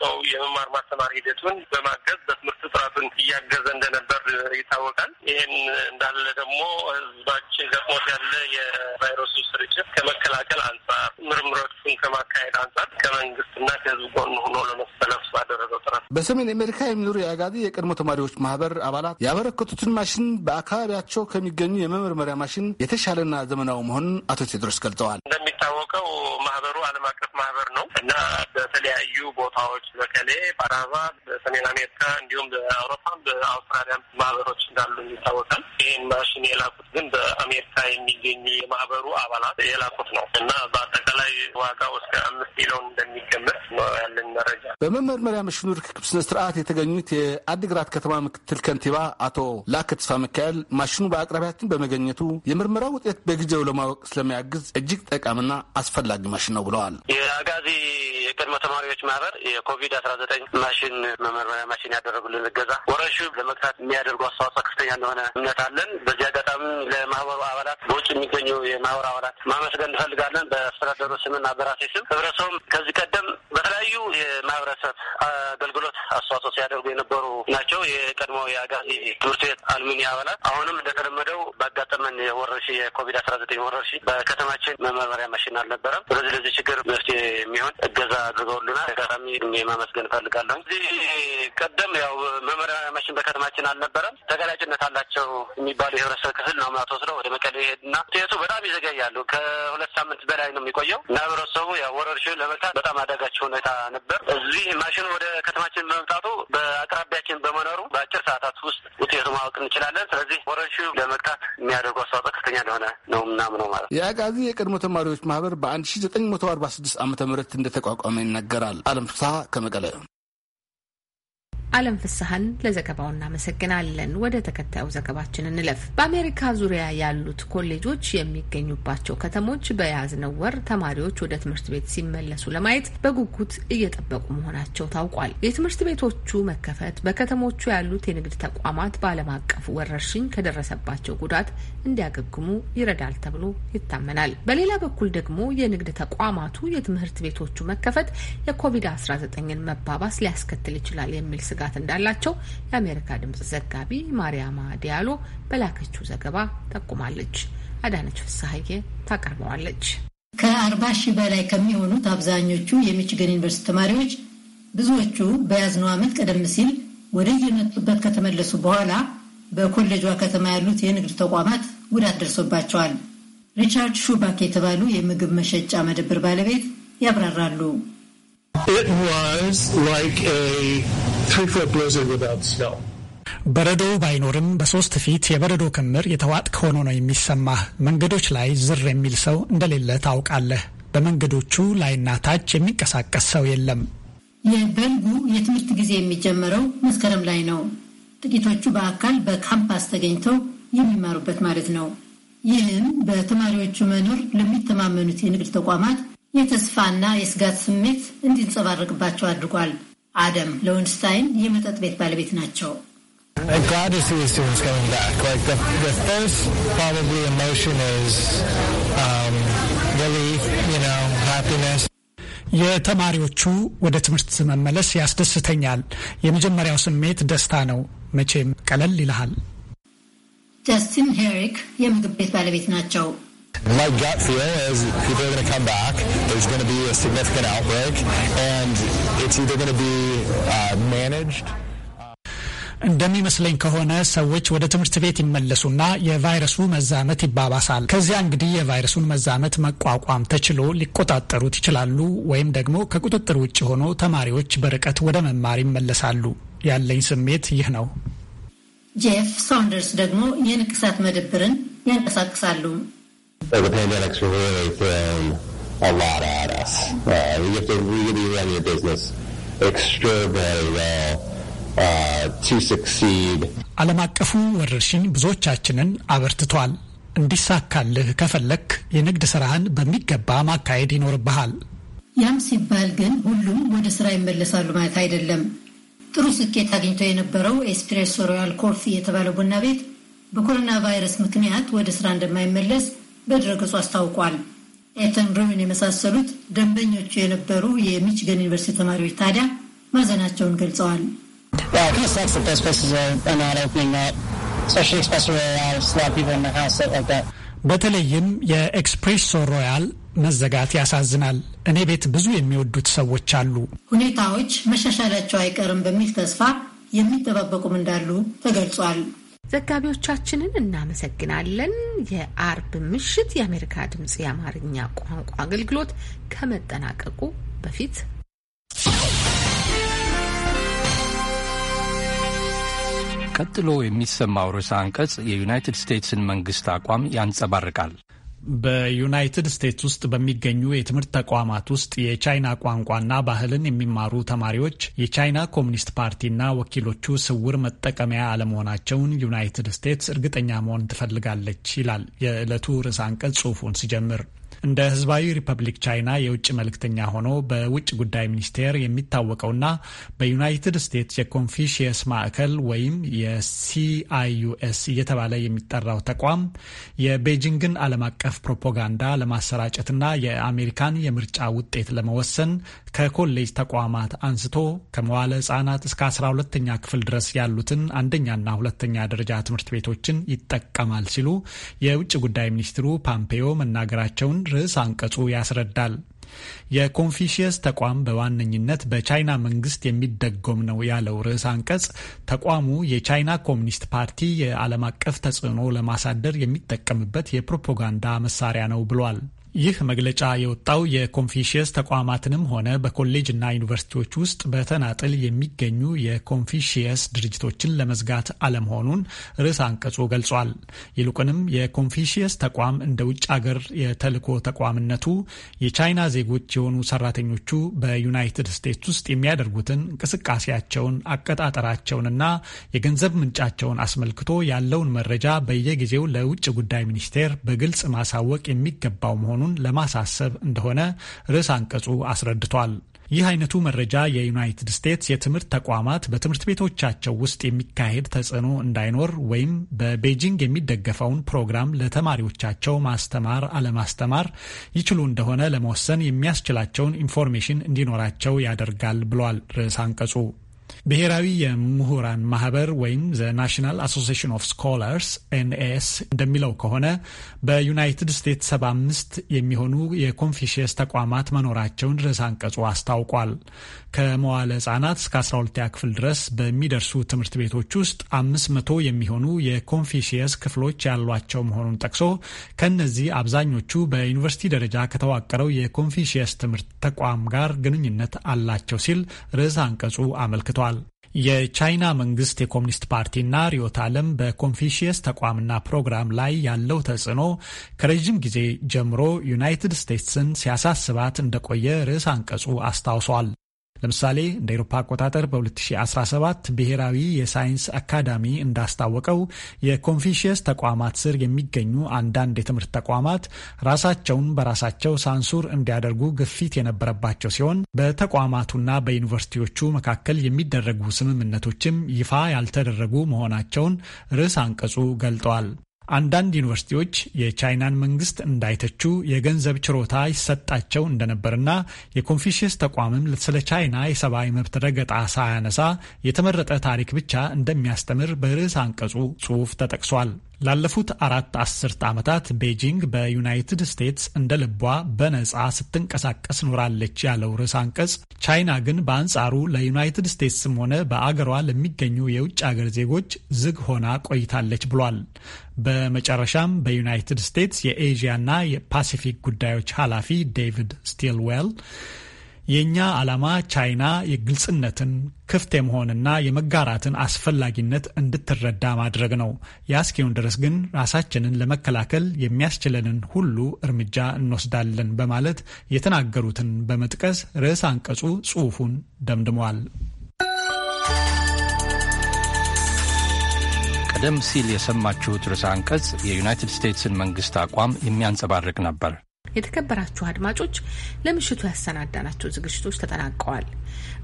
የሚሰጠው የመማር ማስተማር ሂደቱን በማገዝ በትምህርት ጥራቱን እያገዘ እንደነበር ይታወቃል። ይህን እንዳለ ደግሞ ህዝባችን ገጥሞት ያለ የቫይረሱ ስርጭት ከመከላከል አንጻር ምርምሮቹን ከማካሄድ አንጻር ከመንግስትና ከህዝብ ጎን ሆኖ ለመሰለፍ ባደረገው ጥረት በሰሜን አሜሪካ የሚኖሩ የአጋዚ የቀድሞ ተማሪዎች ማህበር አባላት ያበረከቱትን ማሽን በአካባቢያቸው ከሚገኙ የመመርመሪያ ማሽን የተሻለና ዘመናዊ መሆኑን አቶ ቴድሮስ ገልጸዋል። እንደሚታወቀው ማህበሩ ዓለም አቀፍ ማህበር ነው እና በተለያዩ ቦታዎች በተለይ በአራባ በሰሜን አሜሪካ እንዲሁም በአውሮፓ በአውስትራሊያ ማህበሮች እንዳሉ ይታወቃል። ይህን ማሽን የላኩት ግን በአሜሪካ የሚገኙ የማህበሩ አባላት የላኩት ነው እና በአጠቃላይ ዋጋው እስከ አምስት ቢሊዮን እንደሚገመት ነው ያለን መረጃ። በመመርመሪያ ማሽኑ ርክክብ ስነ ስርዓት የተገኙት የአዲግራት ከተማ ምክትል ከንቲባ አቶ ላከ ተስፋ ሚካኤል ማሽኑ በአቅራቢያችን በመገኘቱ የምርመራ ውጤት በጊዜው ለማወቅ ስለሚያግዝ እጅግ ጠቃምና አስፈላጊ ማሽን ነው ብለዋል። የአጋዜ የቀድሞ ተማሪዎች ማህበር የኮቪድ አስራ ዘጠኝ ማሽን መመርመሪያ ማሽን ያደረጉልን እገዛ ወረርሽኙ ለመግታት የሚያደርጉ አስተዋጽኦ ከፍተኛ እንደሆነ እምነት አለን። በዚህ አጋጣሚ ለማህበሩ አባላት በውጭ የሚገኙ የማህበሩ አባላት ማመስገን እንፈልጋለን። በአስተዳደሩ ስምና በራሴ ስም ህብረተሰቡም ከዚህ ቀደም በተለያዩ የማህበረሰብ አገልግሎት አስተዋጽኦ ሲያደርጉ የነበሩ ናቸው። የቀድሞ የአጋዚ ትምህርት ቤት አልሙኒ አባላት አሁንም እንደተለመደው ባጋጠመን የወረርሽ የኮቪድ አስራ ዘጠኝ ወረርሽ በከተማችን መመርመሪያ ማሽን አልነበረም። ስለዚህ ለዚህ ችግር መፍትሄ የሚሆን እገዛ አድርገውልናል። ተጋጣሚ ማመስገን እፈልጋለሁ። እዚህ ቀደም ያው መመሪያ ማሽን በከተማችን አልነበረም። ተጋላጭነት አላቸው የሚባሉ የህብረተሰብ ክፍል ነው ማቶ ስለ ወደ መቀሌ ሄድና ውጤቱ በጣም ይዘገያሉ። ከሁለት ሳምንት በላይ ነው የሚቆየው እና ህብረተሰቡ ያው ወረርሽኙን ለመግታት በጣም አዳጋች ሁኔታ ነበር። እዚህ ማሽኑ ወደ ከተማችን በመምጣቱ በአቅራቢያችን በመኖሩ በአጭር ሰዓታት ውስጥ ውጤቱ ማወቅ እንችላለን። ስለዚህ ወረርሽኙ ለመግታት የሚያደርገው አስተዋጽኦ ከፍተኛ እንደሆነ ነው ምናምነው ማለት የአጋዚ የቀድሞ ተማሪዎች ማህበር በ ስድስት ዓመተ ም እንደተቋቋመ ኦሜን ይነገራል። ዓለም ፍስሐ ከመቀለ አለም ፍስሐን ለዘገባው እናመሰግናለን። ወደ ተከታዩ ዘገባችን እንለፍ። በአሜሪካ ዙሪያ ያሉት ኮሌጆች የሚገኙባቸው ከተሞች በያዝነው ወር ተማሪዎች ወደ ትምህርት ቤት ሲመለሱ ለማየት በጉጉት እየጠበቁ መሆናቸው ታውቋል። የትምህርት ቤቶቹ መከፈት በከተሞቹ ያሉት የንግድ ተቋማት በዓለም አቀፍ ወረርሽኝ ከደረሰባቸው ጉዳት እንዲያገግሙ ይረዳል ተብሎ ይታመናል። በሌላ በኩል ደግሞ የንግድ ተቋማቱ የትምህርት ቤቶቹ መከፈት የኮቪድ-19ን መባባስ ሊያስከትል ይችላል የሚል ስጋት እንዳላቸው የአሜሪካ ድምጽ ዘጋቢ ማርያማ ዲያሎ በላከችው ዘገባ ጠቁማለች። አዳነች ፍስሀዬ ታቀርበዋለች። ከአርባ ሺህ በላይ ከሚሆኑት አብዛኞቹ የሚችገን ዩኒቨርሲቲ ተማሪዎች ብዙዎቹ በያዝነው ዓመት ቀደም ሲል ወደ የመጡበት ከተመለሱ በኋላ በኮሌጇ ከተማ ያሉት የንግድ ተቋማት ጉዳት ደርሶባቸዋል። ሪቻርድ ሹባክ የተባሉ የምግብ መሸጫ መደብር ባለቤት ያብራራሉ። It was like a three-foot blizzard without snow. በረዶ ባይኖርም በሶስት ፊት የበረዶ ክምር የተዋጥ ሆኖ ነው የሚሰማህ። መንገዶች ላይ ዝር የሚል ሰው እንደሌለ ታውቃለህ። በመንገዶቹ ላይና ታች የሚንቀሳቀስ ሰው የለም። የበልጉ የትምህርት ጊዜ የሚጀመረው መስከረም ላይ ነው። ጥቂቶቹ በአካል በካምፓስ ተገኝተው የሚማሩበት ማለት ነው። ይህም በተማሪዎቹ መኖር ለሚተማመኑት የንግድ ተቋማት የተስፋና የስጋት ስሜት እንዲንጸባረቅባቸው አድርጓል። አደም ለወንስታይን የመጠጥ ቤት ባለቤት ናቸው። የተማሪዎቹ ወደ ትምህርት መመለስ ያስደስተኛል። የመጀመሪያው ስሜት ደስታ ነው። መቼም ቀለል ይልሃል። ጀስቲን ሄሪክ የምግብ ቤት ባለቤት ናቸው። My gut feel is people are going to come back. There's going to be a significant outbreak, and it's either going to be uh, managed. Uh, እንደሚመስለኝ ከሆነ ሰዎች ወደ ትምህርት ቤት ይመለሱና የቫይረሱ መዛመት ይባባሳል። ከዚያ እንግዲህ የቫይረሱን መዛመት መቋቋም ተችሎ ሊቆጣጠሩት ይችላሉ፣ ወይም ደግሞ ከቁጥጥር ውጭ ሆኖ ተማሪዎች በርቀት ወደ መማር ይመለሳሉ። ያለኝ ስሜት ይህ ነው። ጄፍ ሳውንደርስ ደግሞ የንቅሳት መደብርን ያንቀሳቅሳሉ። But the pandemic's really thrown a lot at us. Uh, you have to really run your business extraordinarily well uh, ዓለም አቀፉ ወረርሽኝ ብዙዎቻችንን አበርትቷል። እንዲሳካልህ ከፈለክ የንግድ ስራህን በሚገባ ማካሄድ ይኖርብሃል። ያም ሲባል ግን ሁሉም ወደ ስራ ይመለሳሉ ማለት አይደለም። ጥሩ ስኬት አግኝቶ የነበረው ኤስፕሬሶ ሮያል ኮርፊ የተባለ ቡና ቤት በኮሮና ቫይረስ ምክንያት ወደ ስራ እንደማይመለስ በድረገጹ አስታውቋል። ኤተን ሩሚን የመሳሰሉት ደንበኞቹ የነበሩ የሚችገን ዩኒቨርሲቲ ተማሪዎች ታዲያ ማዘናቸውን ገልጸዋል። በተለይም የኤክስፕሬሶ ሮያል መዘጋት ያሳዝናል። እኔ ቤት ብዙ የሚወዱት ሰዎች አሉ። ሁኔታዎች መሻሻላቸው አይቀርም በሚል ተስፋ የሚጠባበቁም እንዳሉ ተገልጿል። ዘጋቢዎቻችንን እናመሰግናለን። የአርብ ምሽት የአሜሪካ ድምፅ የአማርኛ ቋንቋ አገልግሎት ከመጠናቀቁ በፊት ቀጥሎ የሚሰማው ርዕሰ አንቀጽ የዩናይትድ ስቴትስን መንግስት አቋም ያንጸባርቃል። በዩናይትድ ስቴትስ ውስጥ በሚገኙ የትምህርት ተቋማት ውስጥ የቻይና ቋንቋና ባህልን የሚማሩ ተማሪዎች የቻይና ኮሚኒስት ፓርቲና ወኪሎቹ ስውር መጠቀሚያ አለመሆናቸውን ዩናይትድ ስቴትስ እርግጠኛ መሆን ትፈልጋለች ይላል የዕለቱ ርዕሰ አንቀጽ ጽሑፉን ሲጀምር። እንደ ህዝባዊ ሪፐብሊክ ቻይና የውጭ መልእክተኛ ሆኖ በውጭ ጉዳይ ሚኒስቴር የሚታወቀውና በዩናይትድ ስቴትስ የኮንፊሽየስ ማዕከል ወይም የሲአይዩኤስ እየተባለ የሚጠራው ተቋም የቤጂንግን ዓለም አቀፍ ፕሮፓጋንዳ ለማሰራጨትና የአሜሪካን የምርጫ ውጤት ለመወሰን ከኮሌጅ ተቋማት አንስቶ ከመዋለ ህጻናት እስከ 12ተኛ ክፍል ድረስ ያሉትን አንደኛና ሁለተኛ ደረጃ ትምህርት ቤቶችን ይጠቀማል ሲሉ የውጭ ጉዳይ ሚኒስትሩ ፓምፔዮ መናገራቸውን ርዕስ አንቀጹ ያስረዳል። የኮንፊሽየስ ተቋም በዋነኝነት በቻይና መንግስት የሚደጎም ነው ያለው ርዕስ አንቀጽ ተቋሙ የቻይና ኮሚኒስት ፓርቲ የዓለም አቀፍ ተጽዕኖ ለማሳደር የሚጠቀምበት የፕሮፓጋንዳ መሳሪያ ነው ብሏል። ይህ መግለጫ የወጣው የኮንፊሽየስ ተቋማትንም ሆነ በኮሌጅ እና ዩኒቨርሲቲዎች ውስጥ በተናጥል የሚገኙ የኮንፊሽየስ ድርጅቶችን ለመዝጋት አለመሆኑን ርዕስ አንቀጹ ገልጿል። ይልቁንም የኮንፊሽየስ ተቋም እንደ ውጭ አገር የተልኮ ተቋምነቱ የቻይና ዜጎች የሆኑ ሰራተኞቹ በዩናይትድ ስቴትስ ውስጥ የሚያደርጉትን እንቅስቃሴያቸውን፣ አቀጣጠራቸውንና የገንዘብ ምንጫቸውን አስመልክቶ ያለውን መረጃ በየጊዜው ለውጭ ጉዳይ ሚኒስቴር በግልጽ ማሳወቅ የሚገባው መሆኑ መሆኑን ለማሳሰብ እንደሆነ ርዕስ አንቀጹ አስረድቷል። ይህ አይነቱ መረጃ የዩናይትድ ስቴትስ የትምህርት ተቋማት በትምህርት ቤቶቻቸው ውስጥ የሚካሄድ ተጽዕኖ እንዳይኖር ወይም በቤጂንግ የሚደገፈውን ፕሮግራም ለተማሪዎቻቸው ማስተማር አለማስተማር ይችሉ እንደሆነ ለመወሰን የሚያስችላቸውን ኢንፎርሜሽን እንዲኖራቸው ያደርጋል ብሏል ርዕስ አንቀጹ። ብሔራዊ የምሁራን ማህበር ወይም ዘ ናሽናል አሶሲሽን ኦፍ ስኮላርስ ኤንኤስ እንደሚለው ከሆነ በዩናይትድ ስቴትስ 75 የሚሆኑ የኮንፊሽየስ ተቋማት መኖራቸውን ርዕሰ አንቀጹ አስታውቋል። ከመዋለ ህጻናት እስከ 12ኛ ክፍል ድረስ በሚደርሱ ትምህርት ቤቶች ውስጥ 500 የሚሆኑ የኮንፌሽየስ ክፍሎች ያሏቸው መሆኑን ጠቅሶ ከነዚህ አብዛኞቹ በዩኒቨርሲቲ ደረጃ ከተዋቀረው የኮንፌሽየስ ትምህርት ተቋም ጋር ግንኙነት አላቸው ሲል ርዕስ አንቀጹ አመልክቷል። የቻይና መንግስት የኮሚኒስት ፓርቲና ሪዮት ዓለም በኮንፊሽየስ ተቋምና ፕሮግራም ላይ ያለው ተጽዕኖ ከረዥም ጊዜ ጀምሮ ዩናይትድ ስቴትስን ሲያሳስባት እንደቆየ ርዕስ አንቀጹ አስታውሷል። ለምሳሌ እንደ ኤሮፓ አቆጣጠር በ2017 ብሔራዊ የሳይንስ አካዳሚ እንዳስታወቀው የኮንፊሽየስ ተቋማት ስር የሚገኙ አንዳንድ የትምህርት ተቋማት ራሳቸውን በራሳቸው ሳንሱር እንዲያደርጉ ግፊት የነበረባቸው ሲሆን በተቋማቱና በዩኒቨርሲቲዎቹ መካከል የሚደረጉ ስምምነቶችም ይፋ ያልተደረጉ መሆናቸውን ርዕስ አንቀጹ ገልጠዋል። አንዳንድ ዩኒቨርሲቲዎች የቻይናን መንግስት እንዳይተቹ የገንዘብ ችሮታ ይሰጣቸው እንደነበርና የኮንፊሽየስ ተቋምም ስለ ቻይና የሰብአዊ መብት ረገጣ ሳያነሳ የተመረጠ ታሪክ ብቻ እንደሚያስተምር በርዕስ አንቀጹ ጽሑፍ ተጠቅሷል። ላለፉት አራት አስርት ዓመታት ቤጂንግ በዩናይትድ ስቴትስ እንደ ልቧ በነጻ ስትንቀሳቀስ ኖራለች ያለው ርዕስ አንቀጽ ቻይና ግን በአንጻሩ ለዩናይትድ ስቴትስም ሆነ በአገሯ ለሚገኙ የውጭ አገር ዜጎች ዝግ ሆና ቆይታለች ብሏል። በመጨረሻም በዩናይትድ ስቴትስ የኤዥያና የፓሲፊክ ጉዳዮች ኃላፊ ዴቪድ ስቲልዌል የእኛ ዓላማ ቻይና የግልጽነትን ክፍት የመሆንና የመጋራትን አስፈላጊነት እንድትረዳ ማድረግ ነው። የአስኪውን ድረስ ግን ራሳችንን ለመከላከል የሚያስችለንን ሁሉ እርምጃ እንወስዳለን በማለት የተናገሩትን በመጥቀስ ርዕስ አንቀጹ ጽሑፉን ደምድመዋል። ቀደም ሲል የሰማችሁት ርዕስ አንቀጽ የዩናይትድ ስቴትስን መንግስት አቋም የሚያንጸባርቅ ነበር። የተከበራችሁ አድማጮች ለምሽቱ ያሰናዳናቸው ዝግጅቶች ተጠናቀዋል።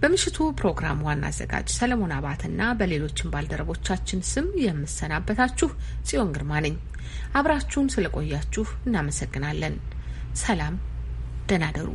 በምሽቱ ፕሮግራም ዋና አዘጋጅ ሰለሞን አባትና በሌሎችም ባልደረቦቻችን ስም የምሰናበታችሁ ጽዮን ግርማ ነኝ። አብራችሁን ስለቆያችሁ እናመሰግናለን። ሰላም፣ ደህና ደሩ።